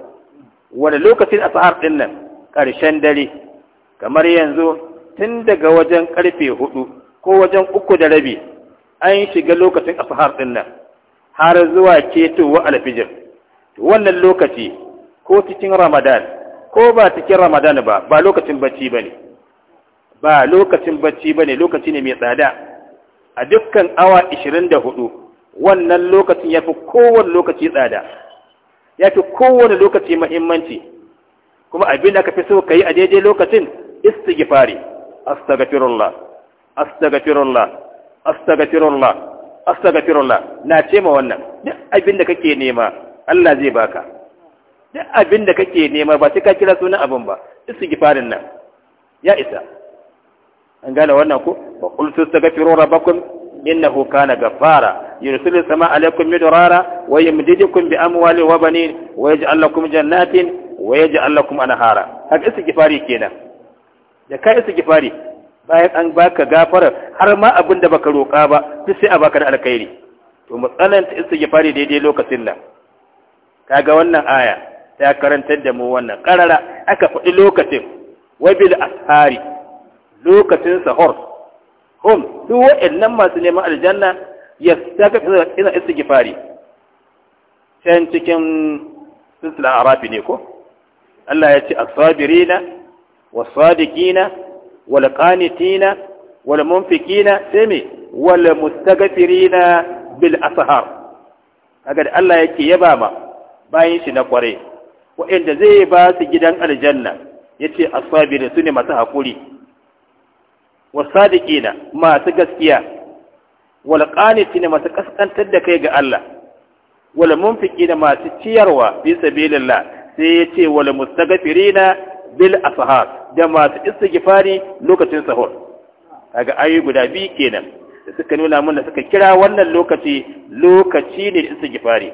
wani lokacin ashar din nan ƙarshen dare kamar yanzu tun daga wajen ƙarfe hudu ko wajen uku da rabi an shiga lokacin afahar ɗin nan har zuwa ketowa alfijir wannan lokaci ko cikin ramadan ko ba cikin ramadan ba ba lokacin bacci ba ne ba lokacin bacci ba ne lokaci ne mai tsada a dukkan awa da hudu wannan lokacin ya fi kowane lokaci tsada ya fi kowane lokaci mahimmanci kuma abin da aka fi so ka yi a daidai lokacin istighfari astaghfirullah astaghfirullah astaghfirullah astaghfirullah na ce ma wannan duk abin da kake nema Allah zai baka duk abin da kake nema ba sai ka kira sunan abin ba istighfarin nan ya isa an gane wannan ko wa qultu astaghfiru rabbakum innahu kana ghaffara yursilu samaa alaykum midrara wa yumdidukum bi amwalin wa banin wa yaj'al lakum jannatin wa kuma lakum hara haka istighfari kenan da ka isa gifari bayan an baka gafara har ma abin da baka roƙa ba duk sai a baka da alkhairi to matsalanta isa gifari daidai lokacin nan kaga wannan aya ta karantar da mu wannan karara aka faɗi lokacin wabil ashari lokacin sahur hum duk wa'annan masu neman aljanna ya saka ina istighfari can cikin silsila arafi ne ko Allah ya ce as-sabirina was-sadiqina wal-qanitina wal-munfikina sai me wal-mustaghfirina bil ashar kaga da Allah yake yaba ma bayin shi na kware wa'anda zai ba su gidan aljanna yace as-sabirin sune masu hakuri was-sadiqina masu gaskiya wal-qanitina masu kaskantar da kai ga Allah wal-munfikina masu ciyarwa bi sabilillah sai ya ce wal mustaghfirina bil asahar da masu istighfari lokacin sahur kaga ayi guda biyu kenan da suka nuna mana suka kira wannan lokaci lokaci ne da istighfari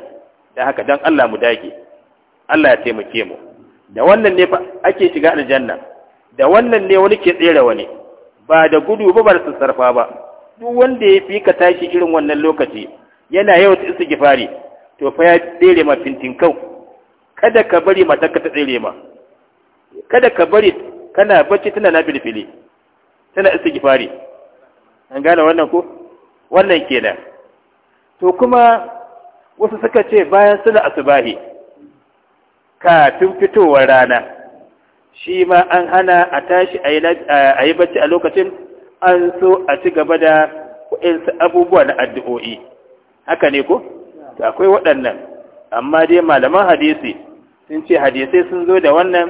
dan haka dan Allah mu dage Allah ya taimake mu da wannan ne fa ake shiga aljanna da wannan ne wani ke tsere wani ba da gudu ba ba da sarfa ba duk wanda ya fi ka tashi irin wannan lokaci yana yau ta istighfari to fa ya tsere ma kau. kada ka bari matarka ta tsere ma kada ka bari kana bacci tana na filfili tana istighfari an gane wannan ko wannan kenan to kuma wasu suka ce bayan suna asubahi kafin fitowar rana shi ma an hana a tashi a yi bacci a lokacin an so a ci gaba da waɗansu abubuwa na addu'o'i haka ne ko akwai waɗannan amma dai malaman hadisi sun ce hadisai sun zo da wannan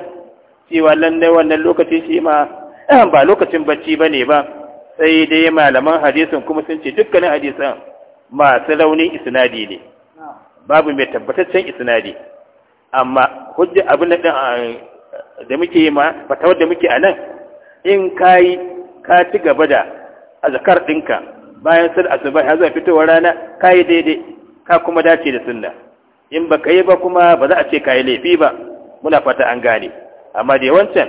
cewa lallai wannan lokacin shi ma ba lokacin bacci ba ne ba sai dai malaman hadisin kuma sun ce dukkanin hadisan masu raunin isnadi ne babu mai tabbataccen isnadi amma hujja abin da muke yi ma fatawar da muke a nan in ka yi ka ci gaba da azkar ɗinka bayan sun asuba ya zuwa fitowar rana ka yi daidai ka kuma dace da sunna in ba ka yi ba kuma ba za a ce ka yi laifi ba muna fata an gane amma da wancan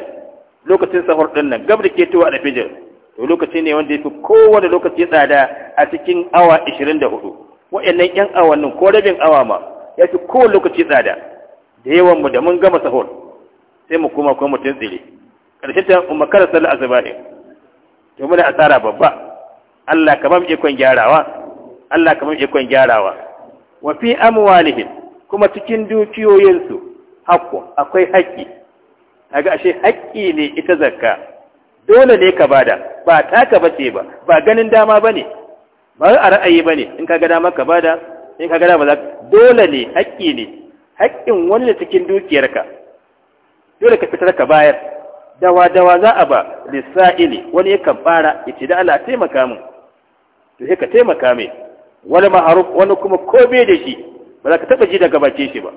lokacin sahur ɗin nan gab da ke tuwa da fijir to lokaci ne wanda ya fi kowane lokaci tsada a cikin awa 24 wa'annan yan awannin ko rabin awa ma ya fi kowane lokaci tsada da yawan mu da mun gama sahur sai mu koma kuma mutum tsire ƙarshen ta umma kada sallar asuba ne to muna asara babba Allah kamar ikon gyarawa Allah kamar ikon gyarawa wa fi amwalihim kuma cikin dukiyoyinsu haƙƙo akwai haƙƙi kaga ashe haƙƙi ne ita zakka dole ne ka bada ba taka bace ba ba ganin dama bane ba a ra'ayi bane in kaga dama ka bada in kaga dama ba dole ne haƙƙi ne haƙƙin wani da cikin dukiyarka dole ka fitar ka bayar dawa dawa za a ba lissa'ili wani yakan fara ya ce da Allah taimaka min to sai ka taimaka mai wani maharuf wani kuma ko bai da shi ba za ka taɓa ji daga bace shi ba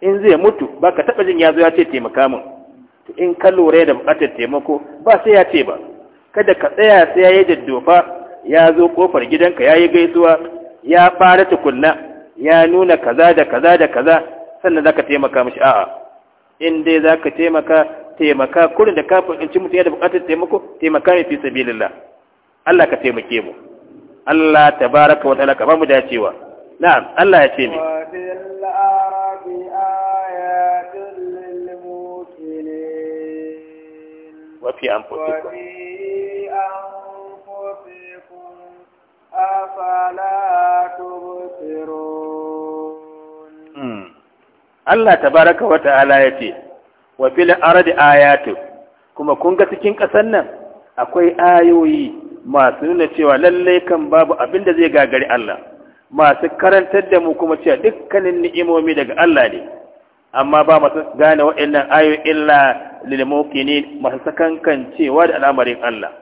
in zai mutu ba ka taɓa jin ya zo ya ce taimaka min to in ka lura da buƙatar taimako ba sai ya ce ba kada ka tsaya sai ya yi daddofa ya zo kofar gidanka ya yi gaisuwa ya fara tukunna ya nuna kaza da kaza da kaza sannan za ka taimaka mashi a'a in dai za ka taimaka taimaka kurin da kafin in ci mutum da buƙatar taimako taimaka mai fi sabilillah Allah ka taimake mu Allah tabaraka wa ta'ala ka ba mu dacewa na'am Allah ya ce ne wafi an Allah tabaraka wa ta'ala ya ce, wa fil ardi ayatu kuma kun ga cikin ƙasar nan akwai ayoyi masu nuna cewa lallai kan babu abin da zai gagari Allah. masu karantar da mu kuma cewa dukkanin ni'imomi daga Allah ne amma ba masu gane waɗannan ayoyi illa lil muqinin masu sakankan cewa da al'amarin Allah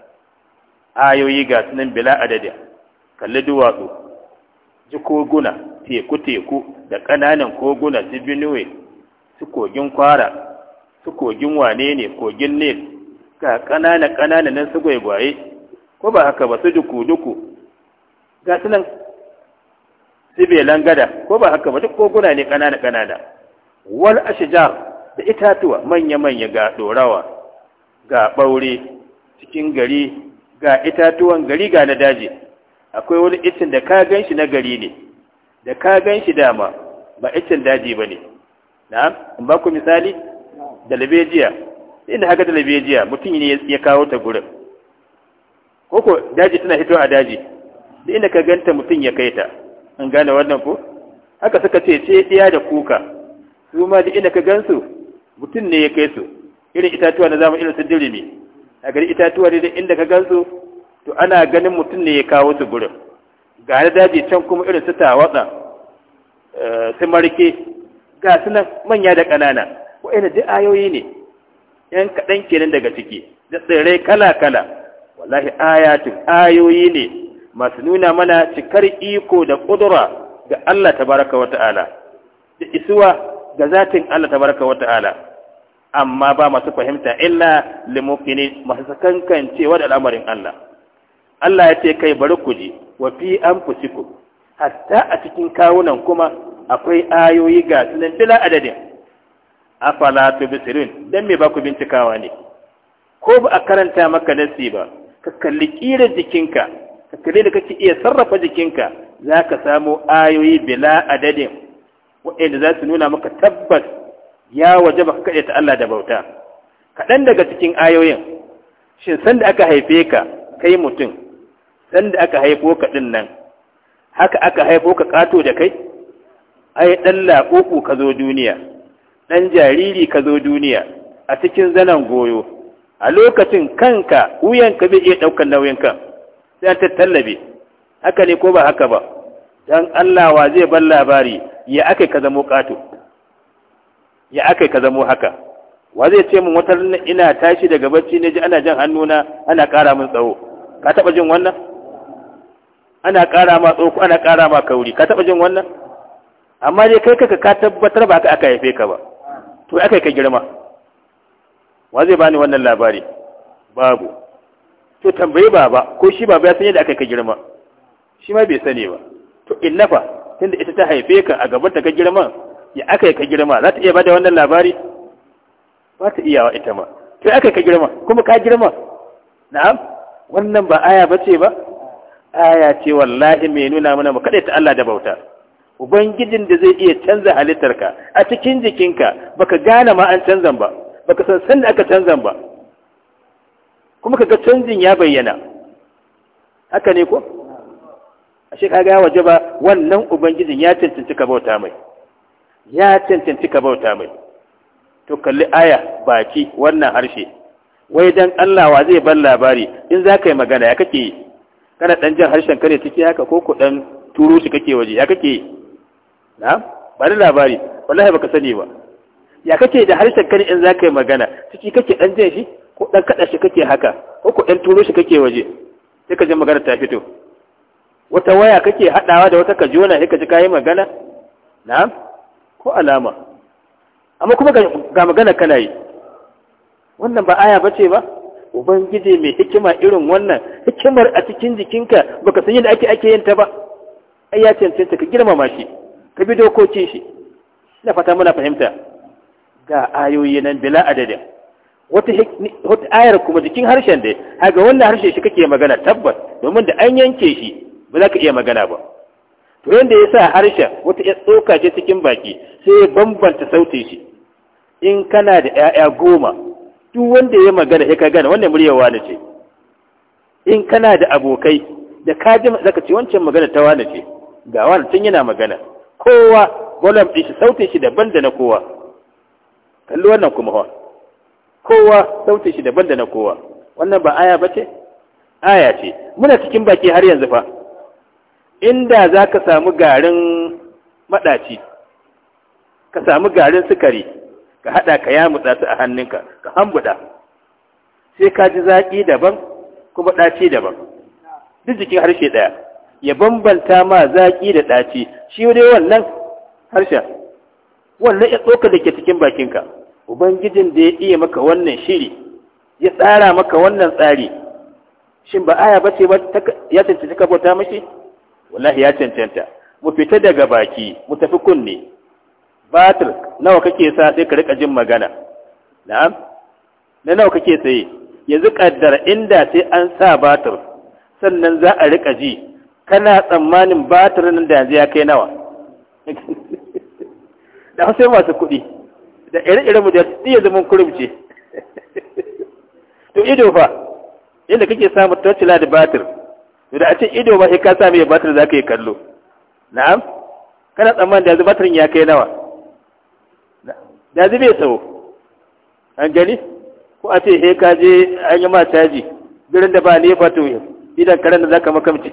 ayoyi ga sunan bila adadin kalli duwatsu ji koguna teku teku da ƙananan koguna su binuwe su kogin kwara su kogin wane ne kogin nil ga ƙananan ƙananan nan su gwaigwaye ko ba haka ba su duku duku ga sunan sibelan gada ko ba haka ba duk koguna ne ƙanana-ƙanana? kanana wal ashjar da itatuwa manya manya ga dorawa ga baure cikin gari ga itatuwan gari ga na daji akwai wani itin da ka ganshi na gari ne da ka ganshi dama ba itin daji bane na'am in ba ku misali dalbejiya, inda haka dalbejiya mutum ne ya kawo ta gurin koko daji tana hito a daji inda ka ganta mutum ya kai ta an gane wannan ko haka suka ce ce ɗiya da kuka su ma duk inda ka gansu mutum ne ya kai su irin itatuwa na zamu irin su dirimi a gari itatuwa ne inda ka gansu to ana ganin mutum ne ya kawo su gurin ga na daji can kuma irin su tawatsa eh, su marke ga su nan manya da ƙanana wa'ina duk ayoyi ne yan kaɗan kenan daga ciki da tsirrai kala kala wallahi ayatun ayoyi ne masu nuna mana cikar iko da ƙudura ga Allah baraka wa ta'ala da isuwa ga zatin Allah baraka wa ta'ala amma ba masu fahimta illa limukini masu cewa da al'amarin Allah Allah ya ce kai bari ku ji wa fi ku. hatta a cikin kawunan kuma akwai ayoyi ga sunan fila adadin afala bisirin, don me ba ku bincikawa ne ko ba a karanta maka nasi ba ka kalli kira jikinka kare da kake iya sarrafa jikinka za ka samo ayoyi bila adadin waɗanda za su nuna maka tabbas ya waje ba kaɗe ta Allah da bauta kaɗan daga cikin ayoyin shin sanda aka haife ka kai mutum sanda aka haifo ka ɗin nan haka aka haifo ka ƙato da kai ai ɗan laƙoƙo ka zo duniya ɗan jariri ka zo duniya a cikin zanen goyo a lokacin kanka wuyanka bai iya ɗaukar nauyin kan sai an tattallabe haka ne ko ba haka ba dan Allah wa zai bar labari ya akai ka zamo kato ya akai ka zamo haka wa zai ce min wata ina tashi daga bacci ne ji ana jan hannuna ana ƙara min tsawo ka taɓa jin wannan ana ƙara ma tsoko ana ƙara ma kauri ka taɓa jin wannan amma dai kai kaka ka tabbatar ba aka haife ka ba to aka ka girma wa zai bani wannan labari babu to tambayi baba ko shi baba ya san yadda aka ka girma shi ma bai sani ba to nafa tunda ita ta haife ka a gaban ta ka girma ya aka ka girma za ta iya bada wannan labari ba ta iyawa ita ma to aka ka girma kuma ka girma na'am wannan ba aya ba ce ba aya ce wallahi mai nuna mana mu kada ta Allah da bauta ubangijin da zai iya canza halittarka a cikin jikinka baka gane ma an canzan ba baka san san da aka canzan ba kuma kaga canjin ya bayyana haka ne ko ashe ka ga waje ba wannan ubangijin ya cancanci ka bauta mai ya cancanci ka bauta mai to kalli aya baki wannan harshe wai dan Allah wa zai bar labari in za ka yi magana ya kake yi kana dan jan harshen kare ciki haka ko ku dan turo shi kake waje ya kake yi na ba labari wallahi baka sani ba ya kake da harshen kare in za ka yi magana ciki kake dan jan shi ko ɗan kaɗa shi kake haka ko ko ɗan turo shi kake waje sai ka je magana ta fito wata waya kake haɗawa da wata ka sai ka ji kayi magana na'am ko alama amma kuma ga magana kana yi wannan ba aya bace ba ubangiji mai hikima irin wannan hikimar a cikin jikinka baka san yadda ake ake yin ta ba ai ya cancanta ka girmama shi ka bi dokokin shi ina fata muna fahimta ga ayoyi nan bila adadin wata ayar kuma jikin harshen da ga wannan harshe shi kake magana tabbas domin da an yanke shi ba za ka iya magana ba to yanda ya sa harshen wata ya tsoka ce cikin baki sai ya bambanta sautin shi in kana da 'ya'ya goma duk wanda ya magana ya ka gana wannan muryar wani ce in kana da abokai da ka ji zaka ce wancan magana ta wani ce ga wani tun yana magana kowa bolam ɗin shi sautin shi daban da na kowa kalli wannan kuma hawa kowa sautin shi daban da na kowa wannan ba aya bace aya ce muna cikin baki har yanzu fa inda za ka samu garin maɗaci ka samu garin sukari ka haɗa ka ya mutsa su a hannunka ka hambuɗa sai ka ji zaƙi daban kuma ɗaci daban duk jikin harshe ɗaya ya bambanta ma zaƙi da ɗaci shi dai wannan harshen wannan ya tsoka da ke cikin bakinka ubangijin da ya iya maka wannan shiri ya tsara maka wannan tsari shin ba aya ba ce ya cancanta ka bauta mashi wallahi ya cancanta mu fita daga baki mu tafi kunne Batir nawa kake sa sai ka rika jin magana na'am na nawa kake saye yanzu kaddara inda sai an sa batir sannan za a rika ji kana tsammanin batir nan da yanzu ya kai nawa da sai masu kuɗi da ire ire mu da zama kurum kurumce to ido fa inda kake samu tocila da batir da a ce ido ba sai ka sami ya batir za ka yi kallo na'am kana tsammanin da yanzu batirin ya kai nawa da zube ya tsawo an gani ko a ce sai ka je an yi ma caji birin da ba ne ba to idan karen da za ka makamci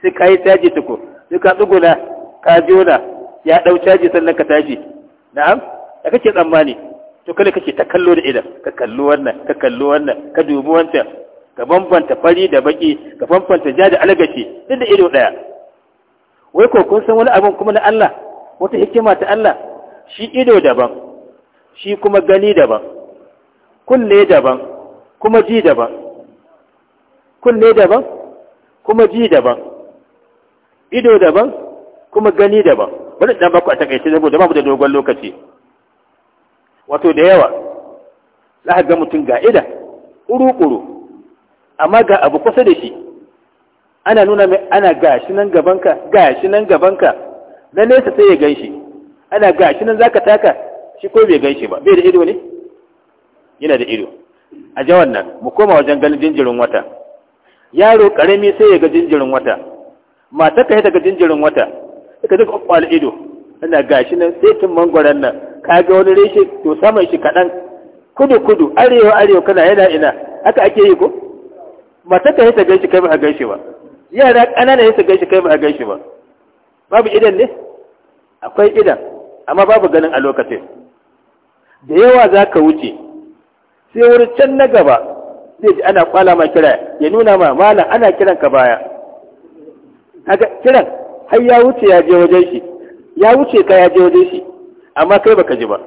sai ka yi caji tuko sai ka tsuguna ka jona ya ɗau caji sannan ka tashi na'am da kake tsammani to kale kake ta kallo da idan ka kallo wannan ka kallo wannan ka dubi wancan ka bambanta fari da baki ka bambanta ja da algashi duk da ido daya wai ko kun san wani abin kuma na Allah wata hikima ta Allah shi ido daban shi kuma gani daban kunne daban kuma ji daban kulle daban kuma ji daban ido daban kuma gani daban bari dan baku a takaice saboda mu da dogon lokaci wato da yawa za ga mutum ga ida ƙuru-ƙuru amma ga abu kusa da shi ana nuna mai ana gashi nan gabanka gashi nan gabanka na nesa sai ya ganshi ana gashi nan zaka taka shi ko bai ganshi ba bai da ido ne yana da ido a jawan nan mu koma wajen ganin jinjirin wata yaro karami sai ya ga jinjirin wata mata ka yi daga jinjirin wata ka duka ƙwal ido ana gashi nan sai tun mangwaran nan ka ga wani reshe to saman shi kaɗan kudu kudu arewa arewa kana yana ina haka ake yi ko mata ka ta gaishe kai ba a gaishe ba yara ƙanana ta gaishe kai ba a gaishe ba babu idan ne akwai idan amma babu ganin a lokacin da yawa za ka wuce sai wurin can na gaba zai ji ana kwala ma kira ya nuna ma malam ana kiran ka baya haka kiran har ya wuce ya je wajen shi ya wuce ka ya je wajen shi amma kai baka ji ba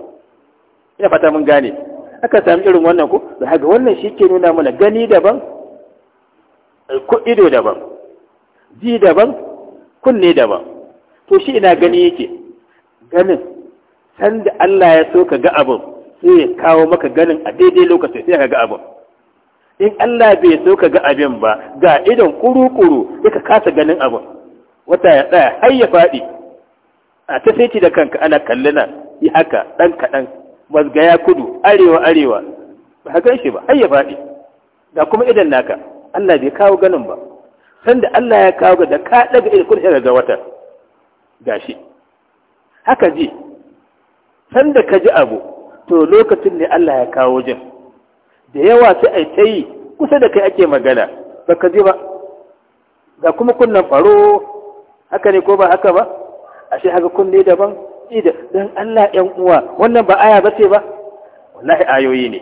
ina fata mun gane aka samu irin wannan ko da haka wannan shi ke nuna mana gani daban ko ido daban ji daban kunne daban to shi ina gani yake ganin sanda Allah ya so ka ga abin sai ya kawo maka ganin a daidai lokacin sai ka ga abin in Allah bai so ka ga abin ba ga idon kuru-kuru sai ka kasa ganin abin wata ya tsaya har ya faɗi a ta sai da kanka ana kallina yi haka ɗan kaɗan mazgaya kudu arewa arewa ba haka shi ba har faɗi da kuma idan naka Allah bai kawo ganin ba sanda Allah ya kawo da ka daga idan kun daga wata gashi haka ji sanda ka ji abu to lokacin ne Allah ya kawo jin da yawa sai ai yi kusa da kai ake magana Ba ka ji ba ga kuma kunnan faro haka ne ko ba haka ba ashe haka kunne daban idan dan Allah ɗan uwa wannan ba aya ba ce ba wallahi ayoyi ne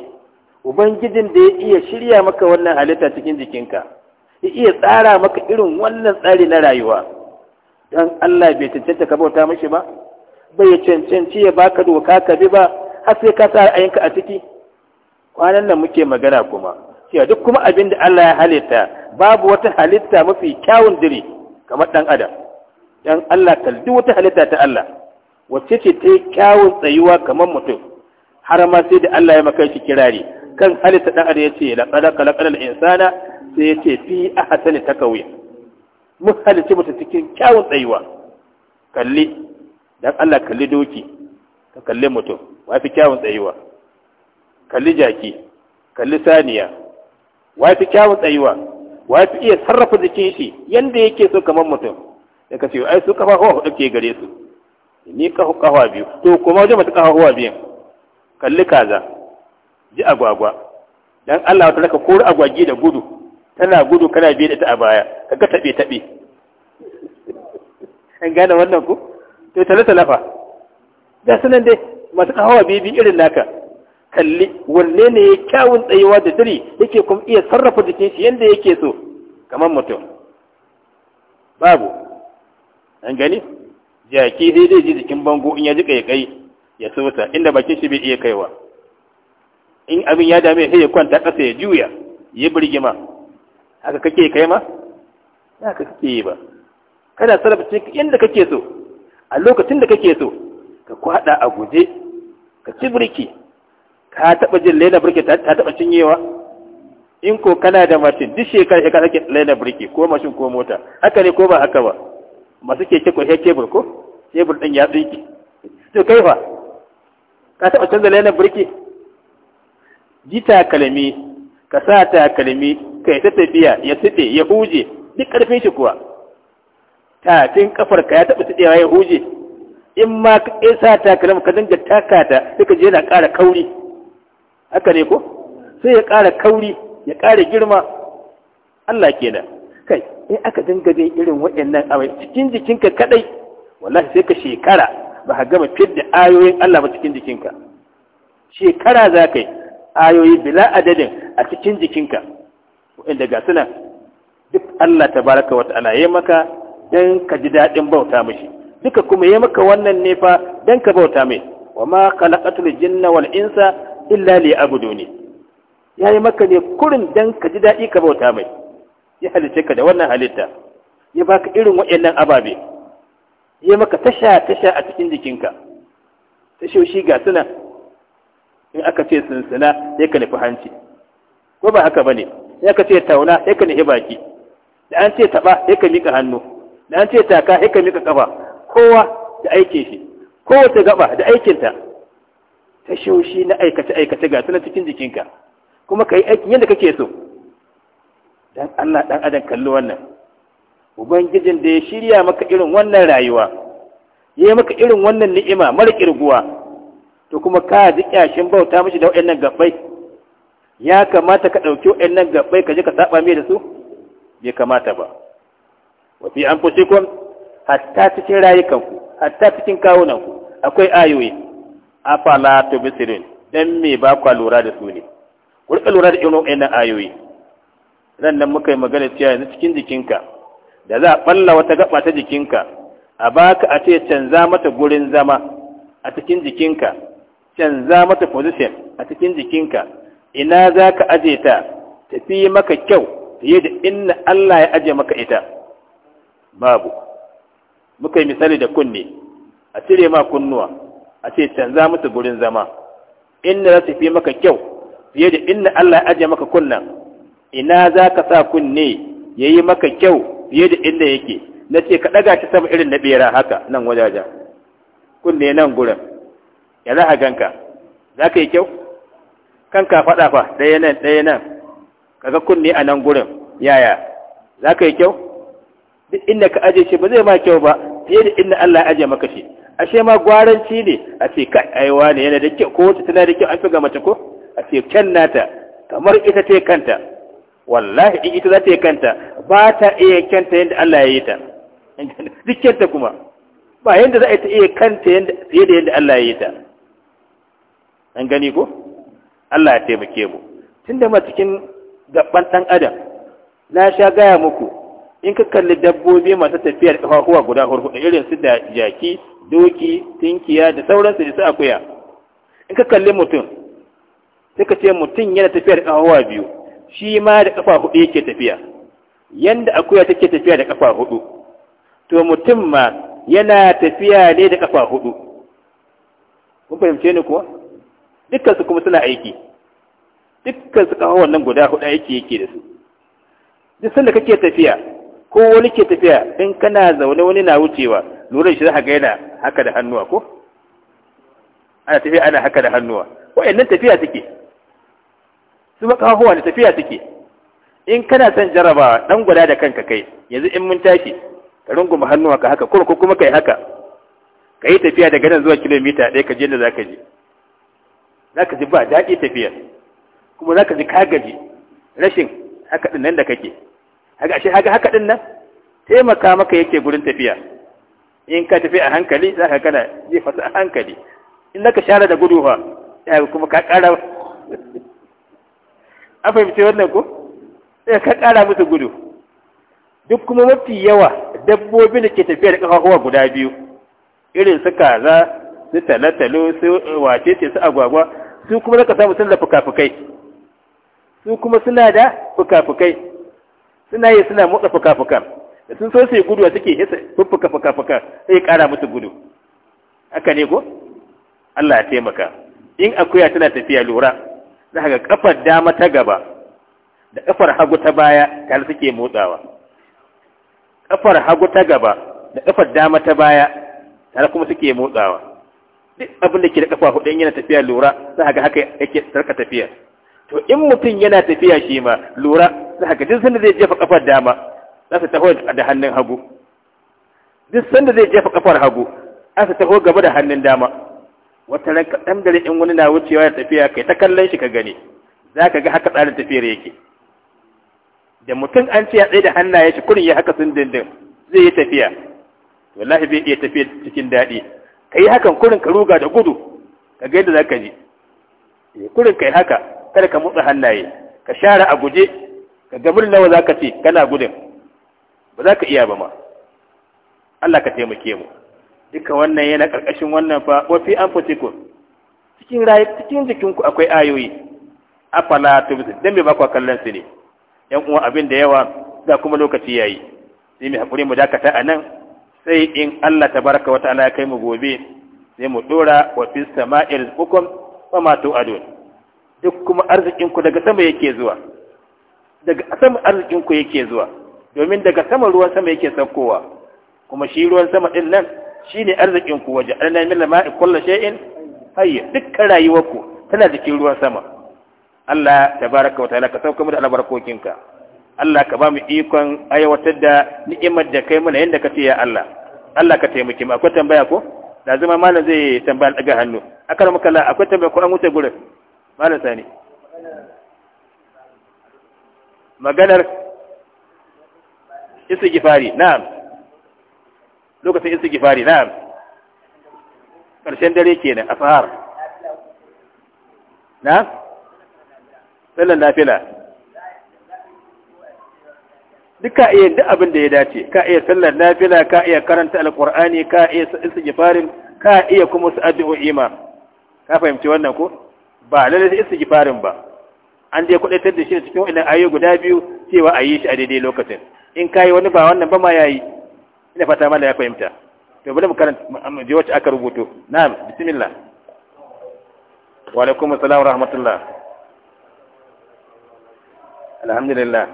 ubangijin da ya iya shirya maka wannan halitta cikin jikinka ya iya tsara maka irin wannan tsari na rayuwa dan Allah bai cancanta ka bauta mishi ba bai cancanci ya baka doka ka bi ba har sai ka sa ayinka a ciki kwanan nan muke magana kuma cewa duk kuma abin da Allah ya halitta babu wata halitta mafi kyawun diri kamar dan adam dan Allah kalli wata halitta ta Allah wacce ce ta yi kyawun tsayuwa kamar mutum har ma sai da Allah ya maka shi kirari kan halitta dan adam yace laqad da insana sai ya ce fi ahsani takawi mu halitta mutu cikin kyawun tsayuwa kalli dan Allah kalli doki ka kalli mutum wa fi kyawun tsayuwa kalli jaki kalli saniya wa fi kyawun tsayuwa wa fi iya sarrafa jikin shi yanda yake so kamar mutum sai ka ce ai su kafafuwa hudu ke gare su ni ka kafafuwa biyu to kuma wajen mata kafafuwa biyan kalli kaza ji agwagwa dan Allah ta raka kori agwagi da gudu tana gudu kana biye da ta a baya kaga tabe tabe an gane wannan ku to tale talafa da sanan dai masu kafafuwa biyu biyu irin naka kalli wanne ne ya kyawun tsayuwa da dare yake kuma iya sarrafa jikin shi yanda yake so kamar mutum babu an gani jaki dai zai ji jikin bango in ya ji kai ya sauta inda bakin shi bai iya kaiwa in abin ya dame sai ya kwanta ƙasa ya juya ya birgima haka kake kai ma ka kake yi ba kada sarrafa cikin inda kake so a lokacin da kake so ka kwada a guje ka ci birki ka taɓa jin lena birki ta taɓa cinyewa in ko kana da mashin duk shekara ka sake lena birki ko mashin ko mota haka ne ko ba haka ba masu keke ko he kebur ko kebur din ya tsinki to kai fa ka taɓa canza layanar birki ji takalmi ka sa takalmi ka yi ta tafiya ya tsite ya huje duk ƙarfin shi kuwa tafin kafar ka ya taɓa tsiɗewa ya huje in ma ka isa kalami ka dinga taka ta sai ka je na ƙara kauri haka ne ko sai ya ƙara kauri ya ƙara girma Allah kenan in aka dinga dai irin waɗannan abai cikin jikinka kadai wallahi sai ka shekara ba ka gama fidda ayoyin Allah ba cikin jikinka shekara za ka yi ayoyi bila adadin a cikin jikinka waɗanda ga suna duk Allah tabaraka wa ta'ala ya maka dan ka ji daɗin bauta mishi duka kuma ya maka wannan ne fa dan ka bauta mai wa ma khalaqatul jinna wal insa illa liya'buduni yayi maka ne kurin dan ka ji daɗi ka bauta mai ya halice ka da wannan halitta ya baka irin waɗannan ababe ya maka tasha tasha a cikin jikinka tashoshi ga suna in aka ce sunsuna ya ka nufi hanci ko ba haka bane ya ka ce tauna ya ka nufi baki da an ce taɓa ya ka miƙa hannu da an ce taka ya ka miƙa ƙafa kowa da aikin shi kowace gaba da aikinta tashoshi na aikace aikace ga suna cikin jikinka kuma ka yi aikin yadda kake so dan Allah dan adam kalli wannan ubangijin da ya shirya maka irin wannan rayuwa ya maka irin wannan ni'ima mara kirguwa to kuma ka ji kyashin bauta mishi da waɗannan gabbai ya kamata ka ɗauki waɗannan gabbai ka je ka saba mai da su bai kamata ba wa fi anfusikum hatta cikin rayukanku hatta cikin kawunanku akwai ayoyi afala tubsirun dan me ba ku lura da su ne ku lura da irin wa'annan ayoyi ran nan muka yi magana cewa yanzu cikin jikinka da za a balla wata gaba ta jikinka a baka a ce canza mata gurin zama a cikin jikinka canza mata position a cikin jikinka ina za ka aje ta tafi maka kyau fiye da inna Allah ya aje maka ita babu muka yi misali da kunne a cire ma kunnuwa a ce canza mata gurin zama inna za ta fi maka kyau fiye da inna Allah ya aje maka kunnan ina za ka sa kunne ya yi maka kyau fiye da inda yake na ce ka ɗaga shi sama irin na ɓera haka nan wajaja kunne nan gurin ya za a ganka za ka yi kyau kan ka faɗa fa ɗaya nan ɗaya nan ka ga kunne a nan gurin yaya za ka yi kyau duk inda ka aje shi ba zai ma kyau ba fiye da inda Allah ya aje maka shi ashe ma gwaranci ne a ce kai aiwa ne yana da kyau ko wacce tana da kyau an fi ga mace ko a ce kyan nata kamar ita ce kanta wallahi in ita za ta yi kanta ba ta iya kanta yadda Allah ya yi ta duk kanta kuma ba yadda za ta iya kanta yadda yadda Allah ya yi ta an gani ko Allah ya taimake mu tun da cikin gaban ɗan adam na sha gaya muku in ka kalli dabbobi masu tafiyar kafafuwa guda hurhuɗu irin su da jaki doki tinkiya da sauransu da su akuya in ka kalli mutum sai ka ce mutum yana tafiyar kafafuwa biyu shi ma da kafa hudu yake tafiya yanda akuya take tafiya da kafa hudu to mutum ma yana tafiya ne da kafa hudu kun fahimce ni kuwa dukkan su kuma suna aiki dukkan su kafa wannan guda hudu aiki yake da su duk sanda kake tafiya ko wani ke tafiya in kana zaune wani na wucewa lura shi za ga yana haka da hannuwa ko ana tafiya ana haka da hannuwa wa'annan tafiya take su ba hawa da tafiya suke in kana son jaraba dan guda da kanka kai yanzu in mun tashi ka mu hannuwa ka haka ko kuma kai haka ka yi tafiya daga nan zuwa kilomita ɗaya ka je da zaka je zaka ji ba daɗi tafiya kuma zaka ji ka gaji rashin haka din nan da kake haka ashe haka haka din nan taimaka maka yake gurin tafiya in ka tafi a hankali zaka kana jefa a hankali in naka share da gudu fa kuma ka ƙara an fahimci wannan ko sai ka ƙara musu gudu duk kuma mafi yawa dabbobi da ke tafiya da ƙafafuwa guda biyu irin su kaza su talatalo su wace ce su agwagwa su kuma zaka samu sun da fukafukai su kuma suna da fukafukai suna yi suna motsa fukafukan sun so su yi gudu a suke hisa fuffuka fukafukan sai ƙara musu gudu haka ne ko Allah ya taimaka in akuya tana tafiya lura za ga kafar dama ta gaba da kafar hagu ta baya tare suke motsawa kafar hagu ta gaba da kafar dama ta baya tare kuma suke motsawa duk abin da ke da kafa hudu yana tafiya lura za ga haka yake sarka tafiya to in mutum yana tafiya shi ma lura za ga duk sanda zai jefa kafar dama za su taho da hannun hagu duk sanda zai jefa kafar hagu za su taho gaba da hannun dama wata ɗan dare in wani na wucewa da tafiya kai ta kallon shi ka gani za ka ga haka tsarin tafiyar yake da mutum an ce ya tsaye da hannaye shi kurin ya haka sun dindin zai yi tafiya wallahi zai iya tafiya cikin daɗi ka yi hakan kurin ka ruga da gudu ka ga yadda za ka ji eh, kurin ka yi haka kada ka mutsa hannaye ka share a guje ka ga nawa za ka ce kana gudun ba za ka iya ba ma Allah ka taimake mu duka wannan yana karkashin wannan fa wa fi anfusikum cikin rayu cikin jikinku akwai ayoyi afala tubsir dan me ba ku kallon su ne yan uwa abin da yawa da kuma lokaci yayi sai mu hakuri mu dakata anan sai in Allah tabaraka wa ta'ala ya kai mu gobe sai mu dora wa fis sama'i rizqukum wa ma tu'adun duk kuma arzikin daga sama yake zuwa daga sama arzikin yake zuwa domin daga sama ruwan sama yake saukowa kuma shi ruwan sama din nan shine arzikin ku waje alna min lama kullu shay'in hayya dukkan rayuwar ku tana cikin ruwan sama Allah baraka wa ta'ala ka sauka mu da albarkokinka Allah ka ba mu ikon aiwatar da ni'imar da kai mana yanda kace ya Allah Allah ka taimake mu akwai tambaya ko da zama malam zai tambaya daga hannu akar maka la akwai tambaya ko an wuce gurin malam sani maganar gifari na'am lokacin istighfari na karshen dare kenan asahar na tsallon lafila duk ka iya duk abin da ya dace ka iya tsallon lafila ka iya karanta alqur'ani ka iya istighfarin ka iya kuma su addu'o'i ma ka fahimci wannan ko ba lalle sai istighfarin ba an dai kudaitar da shi cikin wani ayoyi guda biyu cewa a yi shi a daidai lokacin in yi wani ba wannan ba ma yayi ina fata mala ya fahimta to bari mu karanta mu je wacce aka rubuto na'am bismillah wa alaikum assalam wa rahmatullah alhamdulillah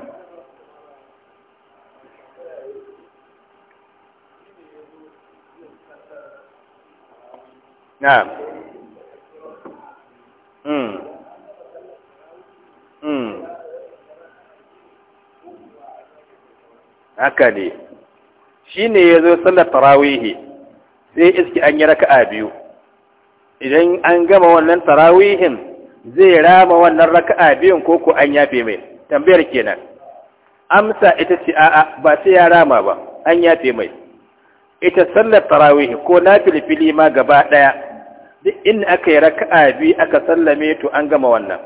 na'am hmm hmm haka ne Shi ne ya zo sallar tarawihi sai iski an yi raka'a biyu idan an gama wannan tarawihin zai rama wannan raka'a biyun ko ko an yafe mai tambayar kenan amsa ita ce a'a ba sai ya rama ba an yafe mai ita sallar tarawihi ko na filfili ma gaba ɗaya duk in aka yi raka'a biyu aka sallame to an gama wannan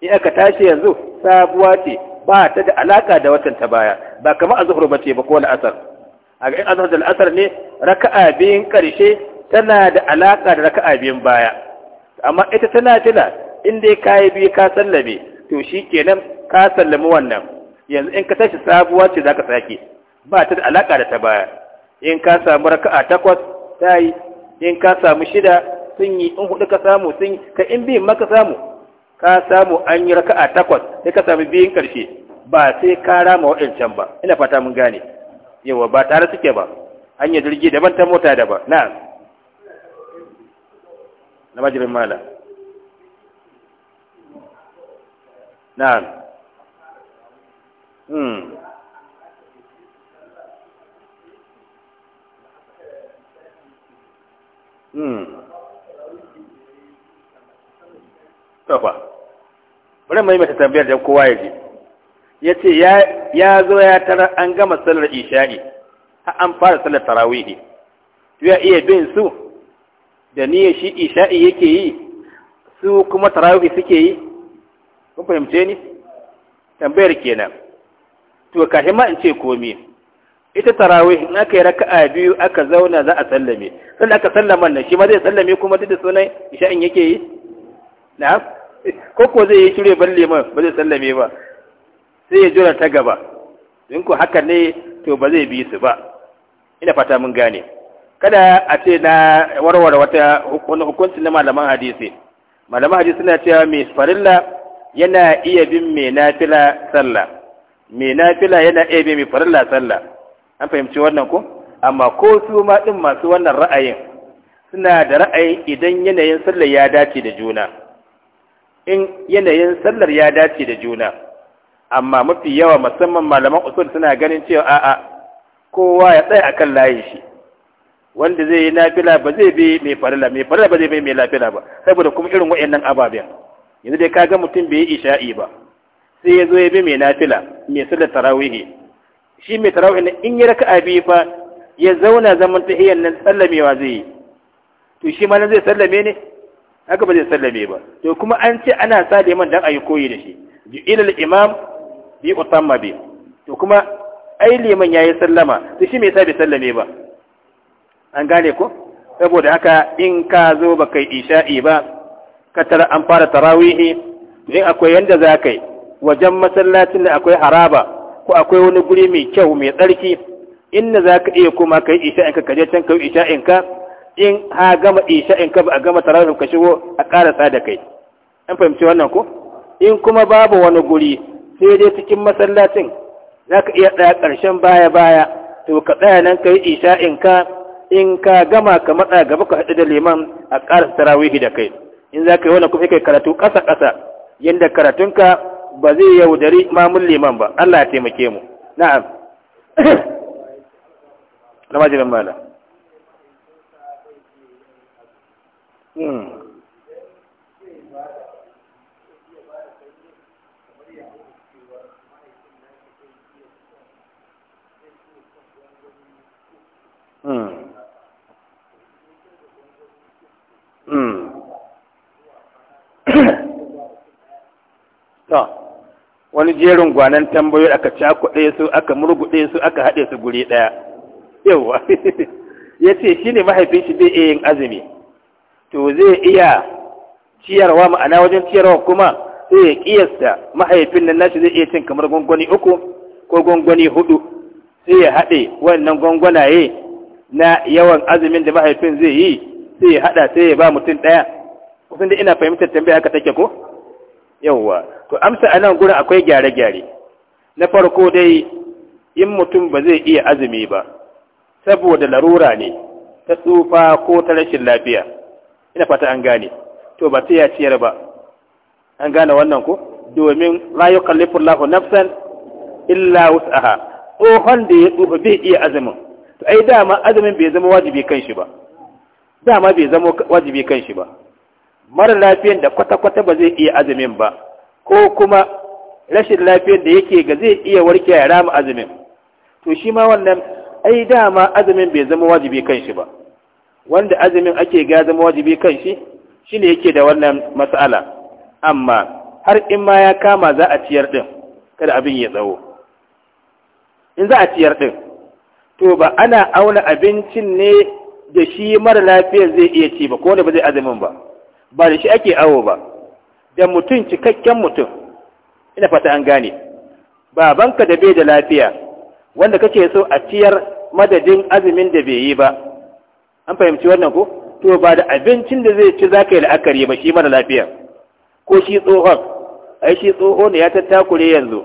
in aka tashi yanzu sabuwa ce ba ta da alaka da watan ta baya ba kamar a zuhur ba ce ba ko la'asar a ga azhar da al'asar ne raka'a biyun ƙarshe tana da alaƙa da raka'a biyun baya amma ita tana tila inda dai kayi biyu ka sallame to shi kenan ka sallami wannan yanzu in ka tashi sabuwa ce zaka sake ba ta da alaƙa da ta baya in ka samu raka'a takwas ta yi in ka samu shida sun yi in hudu ka samu sun yi ka in biyun maka samu ka samu an yi raka'a takwas sai ka samu biyun ƙarshe, ba sai ka rama waɗancan ba ina fata mun gane yawa ba tare suke ba hanyar jirgi daban ta mota daban na na majalin mala na hmm hmm tafa bari mai mata tambayar da kowa ya ji ya ce ya zo ya tarar an gama sallar isha'i an fara sallar tarawihi ya iya bin su da ya shi isha'i yake yi su kuma tarawihi suke yi kun fahimce ni tambayar kenan to kashi ma in ce komi ita tarawih in aka yi raka'a biyu aka zauna za a sallame sai aka sallama nan shi ma zai sallame kuma duk da sunan isha'in yake yi na'am ko ko zai yi shirye balle ma ba zai sallame ba sai ya jura ta gaba in ku haka ne to ba zai bi su ba ina fata mun gane kada a ce na warware wata hukunci na malaman hadisi malaman hadisi suna cewa mai farilla yana iya bin mai nafila sallah mai nafila yana iya bin mai farilla sallah an fahimci wannan ko amma ko su ma din masu wannan ra'ayin suna da ra'ayi idan yanayin sallar ya dace da juna in yanayin sallar ya dace da juna amma mafi yawa musamman malaman usul suna ganin cewa a'a kowa ya tsaya akan layin shi wanda zai yi nafila ba zai bi mai farila mai farila ba zai bi mai lafila ba saboda kuma irin wa'annan ababen yanzu dai kaga mutum bai yi isha'i ba sai ya zo ya bi mai nafila mai sallar tarawihi shi mai tarawihi na in ya raka'a biyu fa ya zauna zaman tahiyyar nan sallamewa zai yi to shi ma nan zai sallame ne haka ba zai sallame ba to kuma an ce ana sa liman dan ayi koyi da shi ju'ilal imam bi utamma bi to kuma ai liman yayi sallama to shi me yasa bai sallame ba an gane ko saboda haka in ka zo ba kai isha'i ba ka tara an fara tarawih in akwai yanda za wajen masallacin da akwai haraba ko akwai wani guri mai kyau mai tsarki inda za ka iya kuma kai isha'in ka kaje can kai isha'in ka in ha gama isha'in ka ba a gama tarawih ka shigo a karasa da kai an fahimci wannan ko in kuma babu wani guri sai dai cikin masallacin za ka iya ɗaya ƙarshen baya-baya to ka tsaya nan ka yi in ka in ka gama ka matsa gaba ka haɗu da liman a ƙara tarawihi da kai in za ka yi wani kuma kai karatu ƙasa-ƙasa yadda karatunka ba zai yaudari mamun liman ba Allah ya taimake mu na'am na majalin mala hmm. Hmm. to wani jerin gwanan tambayoyi aka ɗaya su aka ɗaya su aka haɗe su guri ɗaya yawa ya ce shi ne mahaifin shi zai yin azumi to zai iya ciyarwa ma'ana wajen ciyarwa kuma sai ya ƙiyasta mahaifin nan nashi zai iya cin kamar gwangwani uku ko gwangwani hudu sai ya haɗe wannan gwangwanaye na yawan azumin da mahaifin zai yi sai ya haɗa sai ya ba mutum ɗaya kusan da ina fahimtar tambaya haka take ko yawwa to amsa anan gurin akwai gyare-gyare na farko dai in mutum ba zai iya azumi ba saboda larura ne ta tsufa ko ta rashin lafiya ina fata an gane to ba sai ya ciyar ba an gane wannan ko domin la yukallifu Allahu nafsan illa wus'aha tsohon da ya tsufa bai iya azumin to ai dama azumin bai zama wajibi kan shi ba dama bai zama wajibi kan shi ba mara lafiyar da kwata-kwata ba zai iya azumin ba ko kuma rashin lafiyar da yake ga zai iya warke ya rama azumin to shi ma wannan ai dama azumin bai zama wajibi kan shi ba wanda azumin ake ga zama wajibi kan shi shine yake da wannan matsala amma har in ma ya kama za a ciyar din kada abin ya tsawo in za a ciyar ɗin to ba ana auna abincin ne da shi mara lafiyar zai iya ci ba ko da ba zai azumin ba ba da shi ake awo ba da mutum cikakken mutum ina fata an gane babanka da bai da lafiya wanda kake so a ciyar madadin azumin da bai yi ba an fahimci wannan ko to ba da abincin da zai ci zaka yi la'akari ba shi mara lafiya ko shi tsohon ai shi tsoho ne ya tattakure yanzu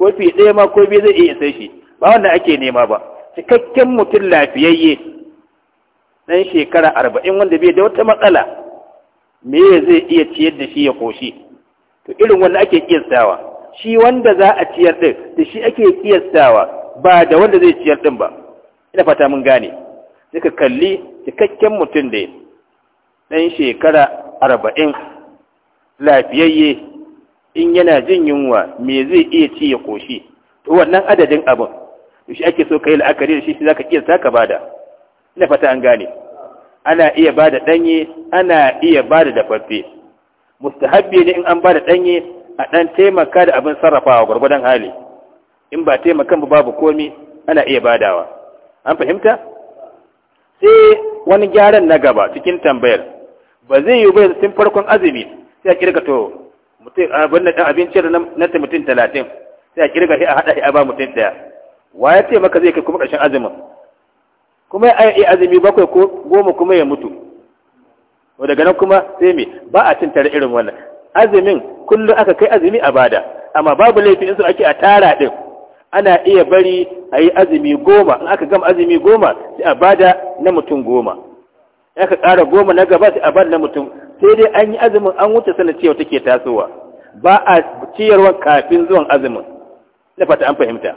kofi ɗaya ma ko biyu zai iya sai shi ba wanda ake nema ba cikakken mutum lafiyayye ɗan shekara arba'in wanda bai da wata matsala me zai iya ciyar da shi ya koshi to irin wanda ake kiyastawa shi wanda za a ciyar ɗin da shi ake kiyastawa ba da wanda zai ciyar ɗin ba ina fata mun gane sai ka kalli cikakken mutum da ɗan shekara arba'in lafiyayye in yana jin yunwa me zai iya ci ya koshi to wannan adadin abin shi ake so ka yi la'akari da shi shi za ka iya ka bada ina fata an gane ana iya ba da ɗanye ana iya ba da dafaffe mustahabbi ne in an ba da ɗanye a ɗan taimaka da abin sarrafawa gwargwadon hali in ba taimakan ba babu komi ana iya badawa an fahimta sai wani gyaran na gaba cikin tambayar ba zai yi bai sun farkon azumi sai a kirga to mutum abin da na ta mutum talatin sai a kirga sai a haɗa a ba mutum ɗaya wa ya taimaka zai kai kuma ƙarshen azumin kuma ya yi azumi bakwai ko goma kuma ya mutu to daga nan kuma sai me ba a cin tare irin wannan azumin kullum aka kai azumi a bada amma babu laifi in su ake a tara din ana iya bari a yi azumi goma in aka gama azumi goma sai a bada na mutum goma in aka ƙara goma na gaba sai a bada na mutum sai dai an yi azumin an wuce sanar cewa take tasowa ba a ciyarwa kafin zuwan azumin na fata an fahimta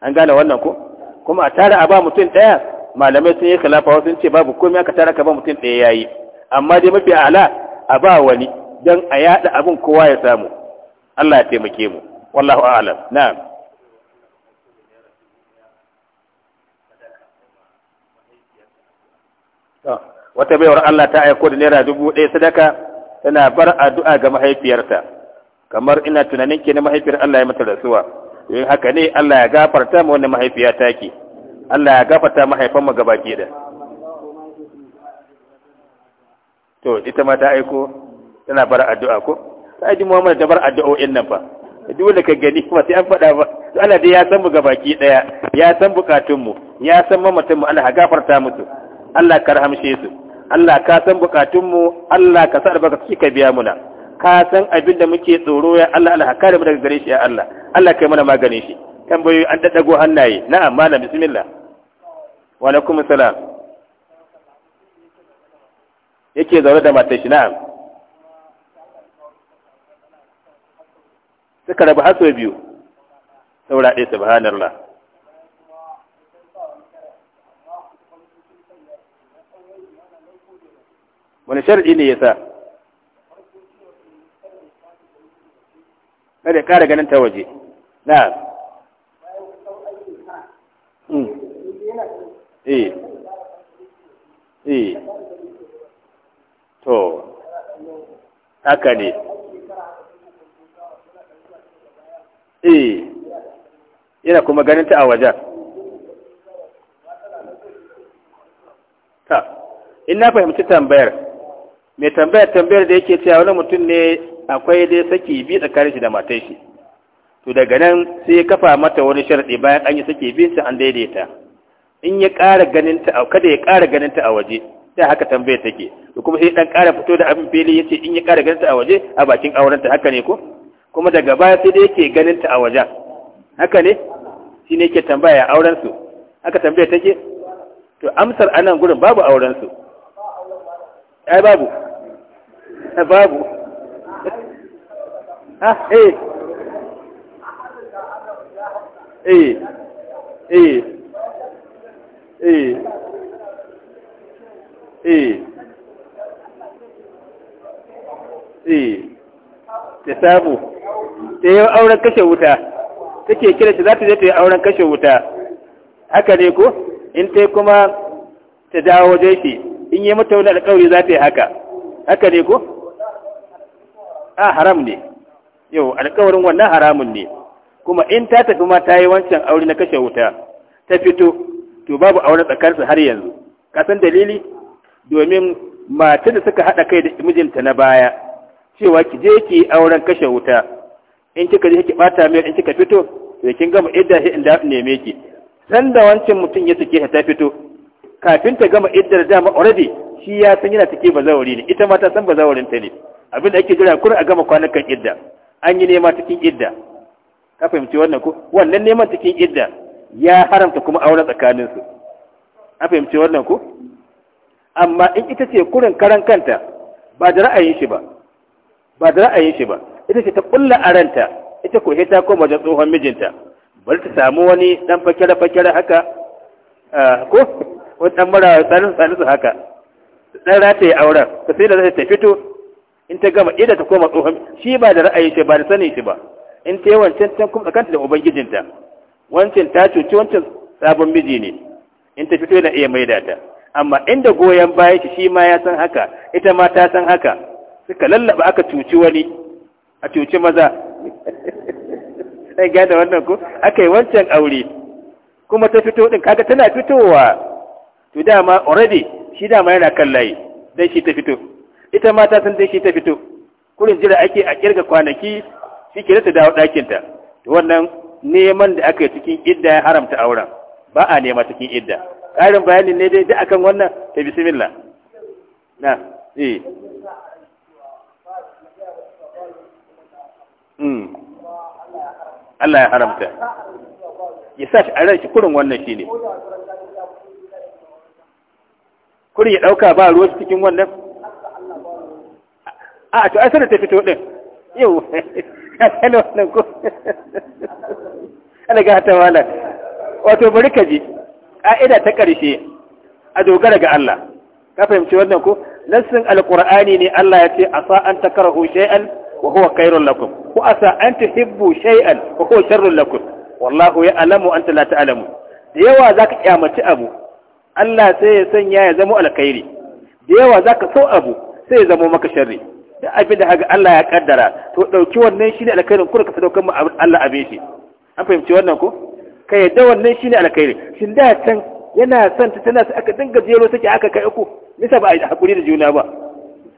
an gane wannan ko kuma a tara a ba mutum ɗaya malamai sun yi kalafa wasu sun ce babu komai aka tara ka ba mutum ɗaya ya yi amma dai mafi ala a ba wani don a yada abin kowa ya samu Allah ya taimake mu wallahu a'lam na'am wata baiwar Allah ta aiko da naira dubu ɗaya sadaka tana bar addu'a ga mahaifiyarta kamar ina tunanin ke na mahaifiyar Allah ya mata rasuwa yin haka ne Allah ya gafarta ma wannan mahaifiya ke. Allah ya gafata mahaifan mu gabaki da to ita ma ta aiko tana bar addu'a ko ta ji Muhammad ta bar addu'o'in nan fa duk wanda ka gani ba sai an faɗa ba to Allah dai ya san mu gabaki daya ya san bukatun mu ya san mamatan mu Allah ya gafarta musu Allah ka rahamshe su Allah ka san bukatun mu Allah ka sa albarka ka biya muna ka san abin da muke tsoro ya Allah Allah ka kare mu daga gare shi ya Allah Allah kai mana maganin shi tambayoyi an daddago hannaye na'am malam bismillah wa alaikum salam yake zaune da matar shi na'am suka rabu har sau biyu saura ɗaya subhanallah wani sharɗi ne ya sa kada ya ƙara ganin ta waje na'am Hmm. Eh. Eh. Eh. Ina kuma ganin ta a wajen ta in na fahimci tambayar mai tambayar tambayar da yake cewa wani mutum ne akwai dai saki biyu tsakanin shi da matai shi to daga nan sai kafa mata wani sharɗi bayan an yi sake bin an daidaita in ya ƙara ganin ta kada ya ƙara ganin ta a waje da haka tambayar take to kuma sai dan ƙara fito da abin fili yace in ya ƙara ganin ta a waje a bakin auren ta haka ne ko kuma daga baya sai da yake ganin ta a wajen haka ne shi ne yake tambaya auren su haka tambayar take to amsar anan gurin babu auren su ai babu babu ah eh eh eh eh eh eh ta samu ta yi auren kashe wuta take kira shi za ta je ta yi auren kashe wuta haka ne ko in ta kuma ta dawo wajen shi in yi mata wani alkawari za ta yi haka haka ne ko a ah, haram ne yau alkawarin wannan haramun ne kuma in ta tafi ma ta yi wancan aure na kashe wuta ta fito to babu aure tsakarsa har yanzu kasan dalili domin matar da suka haɗa kai da mijinta na baya cewa ki je ki auren kashe wuta in kika je ki bata mai in kika fito to kin gama idda sai in da neme ki san da wancan mutum ya sake ta fito kafin ta gama iddar dama already shi ya san yana take bazawari ne ita ma ta san bazawarin ta ne abin da ake jira kur a gama kwanakan idda an yi nema cikin idda ka fahimci wannan ko wannan neman cikin idda ya haramta kuma aure tsakanin su ka fahimci wannan ko amma in ita ce kurin karan kanta ba da ra'ayin shi ba ba da ra'ayin shi ba ita ce ta kulla a ranta ita ko ta koma wajen tsohon mijinta bari ta samu wani dan fakira fakira haka ko wani dan mara tsanin su haka dan rataye auren ka sai da zai ta fito in ta gama idda ta koma tsohon shi ba da ra'ayin shi ba da sanin shi ba in ta yi wancan can kuma tsakanta da ubangijinta wancan ta cuci wancan sabon miji ne in ta fito yana iya maida ta amma inda goyon baya shi ma ya san haka ita ma ta san haka suka lallaba aka cuci wani a cuci maza ɗan gane wannan ko aka yi wancan aure kuma ta fito ɗin kaga tana fitowa to dama already shi dama yana kan layi dan shi ta fito ita ma ta san dan shi ta fito kurin jira ake a kirga kwanaki shi da ta dawo ɗakinta wannan neman da aka yi cikin idda ya haramta auren ba a nema cikin idda ƙarin bayani ne dai duk akan wannan ta bismillah na eh mm Allah ya haramta ya sa shi a ran shi kurin wannan shine. kurin ya ɗauka ba ruwa cikin wannan a to ai sai ta fito ɗin yau kana wannan ko ana gata wala wato bari ka ji ka'ida ta karshe a dogara ga Allah ka fahimci wannan ko nassin alqur'ani ne Allah ya ce asa an takrahu shay'an wa huwa khairul lakum ko asa an tuhibbu shay'an wa huwa sharrul lakum wallahu ya'lamu anta la ta'lamu da yawa zaka kyamaci abu Allah sai ya sanya ya zama alkhairi da yawa zaka so abu sai ya zama maka sharri da abin da haka Allah ya kaddara to dauki wannan shine alkhairin kuma ka sadaukar mu Allah abin shi an fahimci wannan ko ka yadda wannan shine alkhairi shin da can yana son ta tana aka dinga jero take aka kai uku nisa ba a yi hakuri da juna ba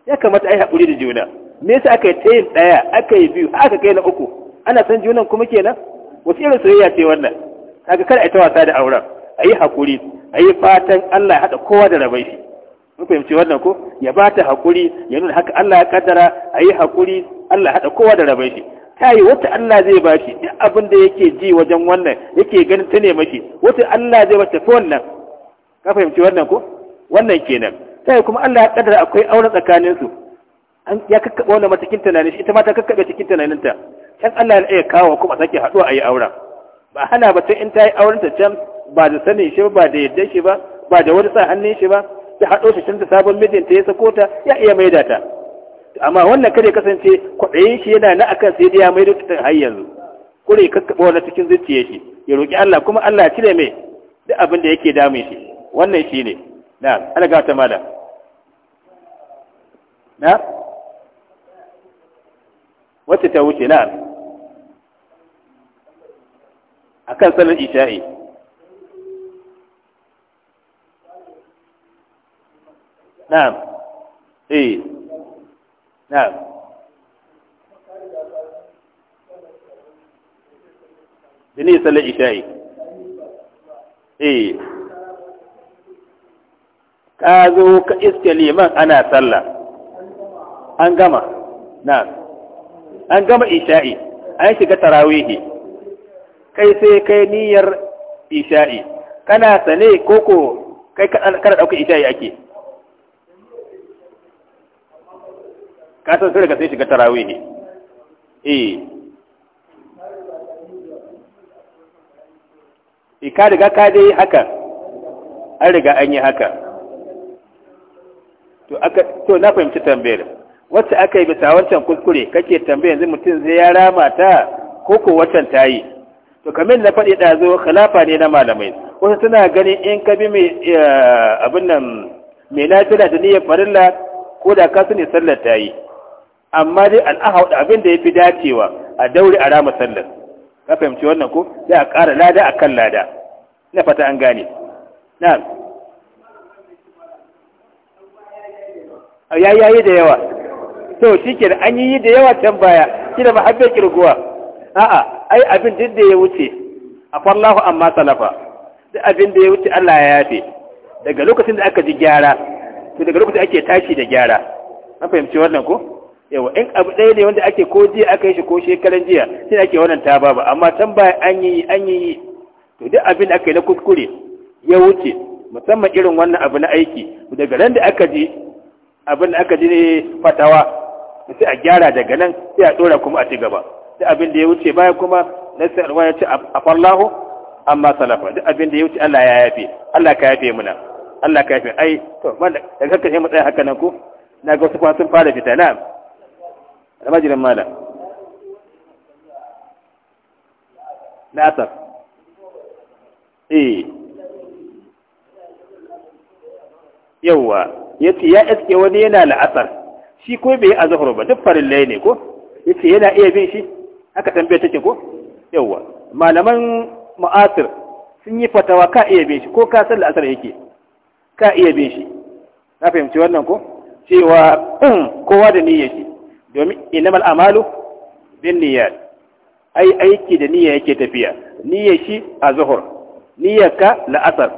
ya kamata a yi hakuri da juna me yasa aka yi tsayin daya aka yi biyu aka kai na uku ana san junan kuma kenan wasu irin soyayya ce wannan kaga kada a yi ta wasa da auren a yi hakuri a yi fatan Allah ya haɗa kowa da rabai shi mun fahimci wannan ko ya ba ta haƙuri ya nuna haka Allah ya kaddara a yi haƙuri Allah haɗa kowa da rabai shi ta yi wata Allah zai ba shi duk abin da yake ji wajen wannan yake ganin ta ne mashi wata Allah zai wata fi wannan ka fahimci wannan ko wannan kenan ta yi kuma Allah ya kaddara akwai auren tsakaninsu an ya kakkaɓa wannan matakin tunanin shi ita ma ta kakkaɓe cikin tunaninta can Allah ya iya kawo kuma sake haɗuwa a yi auren ba hana ba ta in ta yi auren ta can ba da sanin shi ba da yadda shi ba ba da wani sa hannun shi ba ta haɗo shi canza sabon mijinta ya sako ta ya iya maida ta amma wannan kare kasance kwaɗayin shi yana na akan sai dai ya maida ta har yanzu kure ya kakkaɓa wani cikin zuciya shi ya roƙi Allah kuma Allah ya cire mai duk abin da yake damun shi wannan shi ne na alaga ta mala na wacce ta wuce na akan sanin isha'i na'am eh na'am bini sallar isha'i eh ka zo ka iske liman ana sallah an gama na'am an gama isha'i an shiga tarawihi kai sai kai niyyar isha'i kana sane koko kai kada ɗauka isha'i ake ka san sai daga sai shiga tarawih eh eh ka riga ka dai haka an riga an yi haka to aka to na fahimci tambayar wacce aka yi bisa wancan kuskure kake tambaya yanzu mutum zai ya rama ta ko ko wancan ta yi to kamar na faɗi ɗazu, khilafa ne na malamai wasu suna ganin in ka bi mai eh, abin nan mai lafiya da niyyar farilla ko da ka sani sallar ta yi amma dai al'aha wadda abin da ya fi dacewa a daure a rama sallar ka fahimci wannan ko sai a ƙara lada a kan lada na fata an gane na ya yayi da yawa to shi ke an yi da yawa can baya shi da mahabbar kirguwa a'a ai abin duk da ya wuce a fallahu amma salafa duk abin da ya wuce Allah ya yafe daga lokacin da aka ji gyara to daga lokacin ake tashi da gyara na fahimci wannan ko yawa in abu ɗaya ne wanda ake ko jiya aka yi shi ko shekaran jiya shi ne ake wannan ta ba amma can baya an yi an yi yi to duk abin da aka yi na kuskure ya wuce musamman irin wannan abu na aiki daga nan da aka ji abin da aka ji ne fatawa sai a gyara daga nan sai a ɗora kuma a ci gaba duk abin da ya wuce baya kuma na sarwa ya ce a fallahu amma salafa duk abin da ya wuce Allah ya yafe Allah ka yafe muna Allah ka yafe ai to man da kakkashe mu tsaya haka nan ko na ga wasu kuma sun fara fita na'am almajirin malam na asar eh yawwa ya ce ya iske wani yana la'asar shi ko bai yi a zuhur ba duk farin laye ne ko ya ce yana iya bin shi haka tambaye take ko yawwa malaman ma'asir sun yi fatawa ka iya bin shi ko ka san la'asar yake ka iya bin shi na fahimci wannan ko cewa kowa da niyyar shi domin inamal amalu bin niyyat ai aiki da niyya yake tafiya niyya shi a zuhur niyya ka la'asar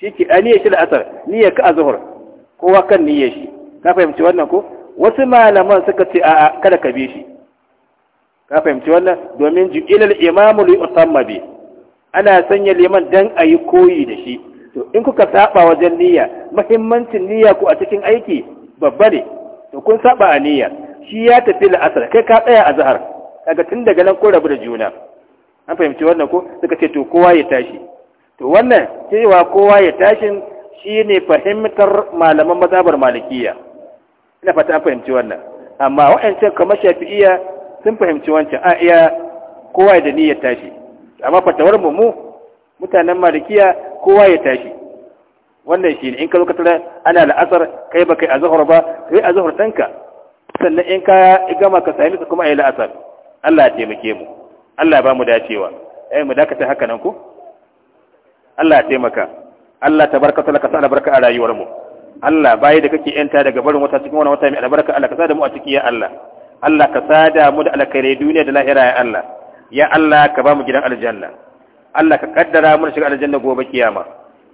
shi ke a niyya shi la'asar niyya ka a zuhur kowa kan niyya shi ka fahimci wannan ko wasu malaman suka ce a'a kada ka bi shi ka fahimci wannan domin ju'ilal imamu li usamma bi ana sanya liman dan ayi koyi da shi to in kuka saba wajen niyya muhimmancin niyya ku a cikin aiki babba ne to kun saba a niyya shi ya tafi la'asar kai ka tsaya a zahar daga tun daga nan ko rabu da juna an fahimci wannan ko suka ce to kowa ya tashi to wannan cewa kowa ya tashin ne fahimtar malaman mazabar malikiya ina fata an fahimci wannan amma wa'ancan kamar shafi'iya sun fahimci wancan a iya kowa ya da niyyar tashi amma fatawar mu mu mutanen malikiya kowa ya tashi wannan ne in ka zo ka tara ana la'asar kai ba kai azhar ba kai azhar tanka sannan in ka gama ka sami kuma a yi la'asar Allah ya taimake mu Allah ya ba mu dacewa eh mu dakata haka nan ko Allah ya taimaka Allah barka ta laka sa albarka a rayuwar mu Allah bayi da kake yanta daga barin wata cikin wani wata mai albarka Allah ka sada mu a ciki ya Allah Allah ka sada mu da alkhairai duniya da lahira ya Allah ya Allah ka ba mu gidan aljanna Allah ka kaddara mu shiga aljanna gobe kiyama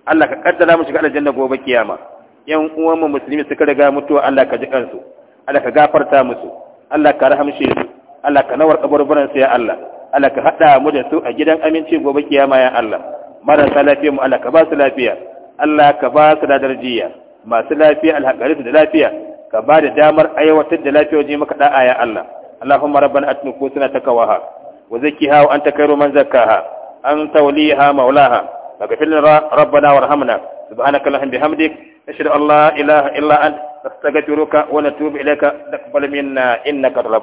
Allah ka kaddara mu shiga aljanna gobe kiyama yan uwan mu musulmi suka riga mutuwa Allah ka ji kansu Allah ka gafarta musu Allah ka rahamshe su Allah ka nawar kaburburan su ya Allah Allah ka hada mu da su a gidan aminci gobe kiyama ya Allah marasa lafiya mu Allah ka ba su lafiya Allah ka ba su da darjiya masu lafiya alhaƙari da lafiya ka ba da damar aiwatar da lafiyoji maka da'a ya Allah اللهم ربنا أتنا نفوسنا تقواها وزكها وأنت خير من زكاها أنت وليها مولاها فاغفر لنا ربنا وارحمنا سبحانك اللهم بحمدك نشهد أن لا إله إلا أنت نستغفرك ونتوب إليك تقبل منا إنك الرب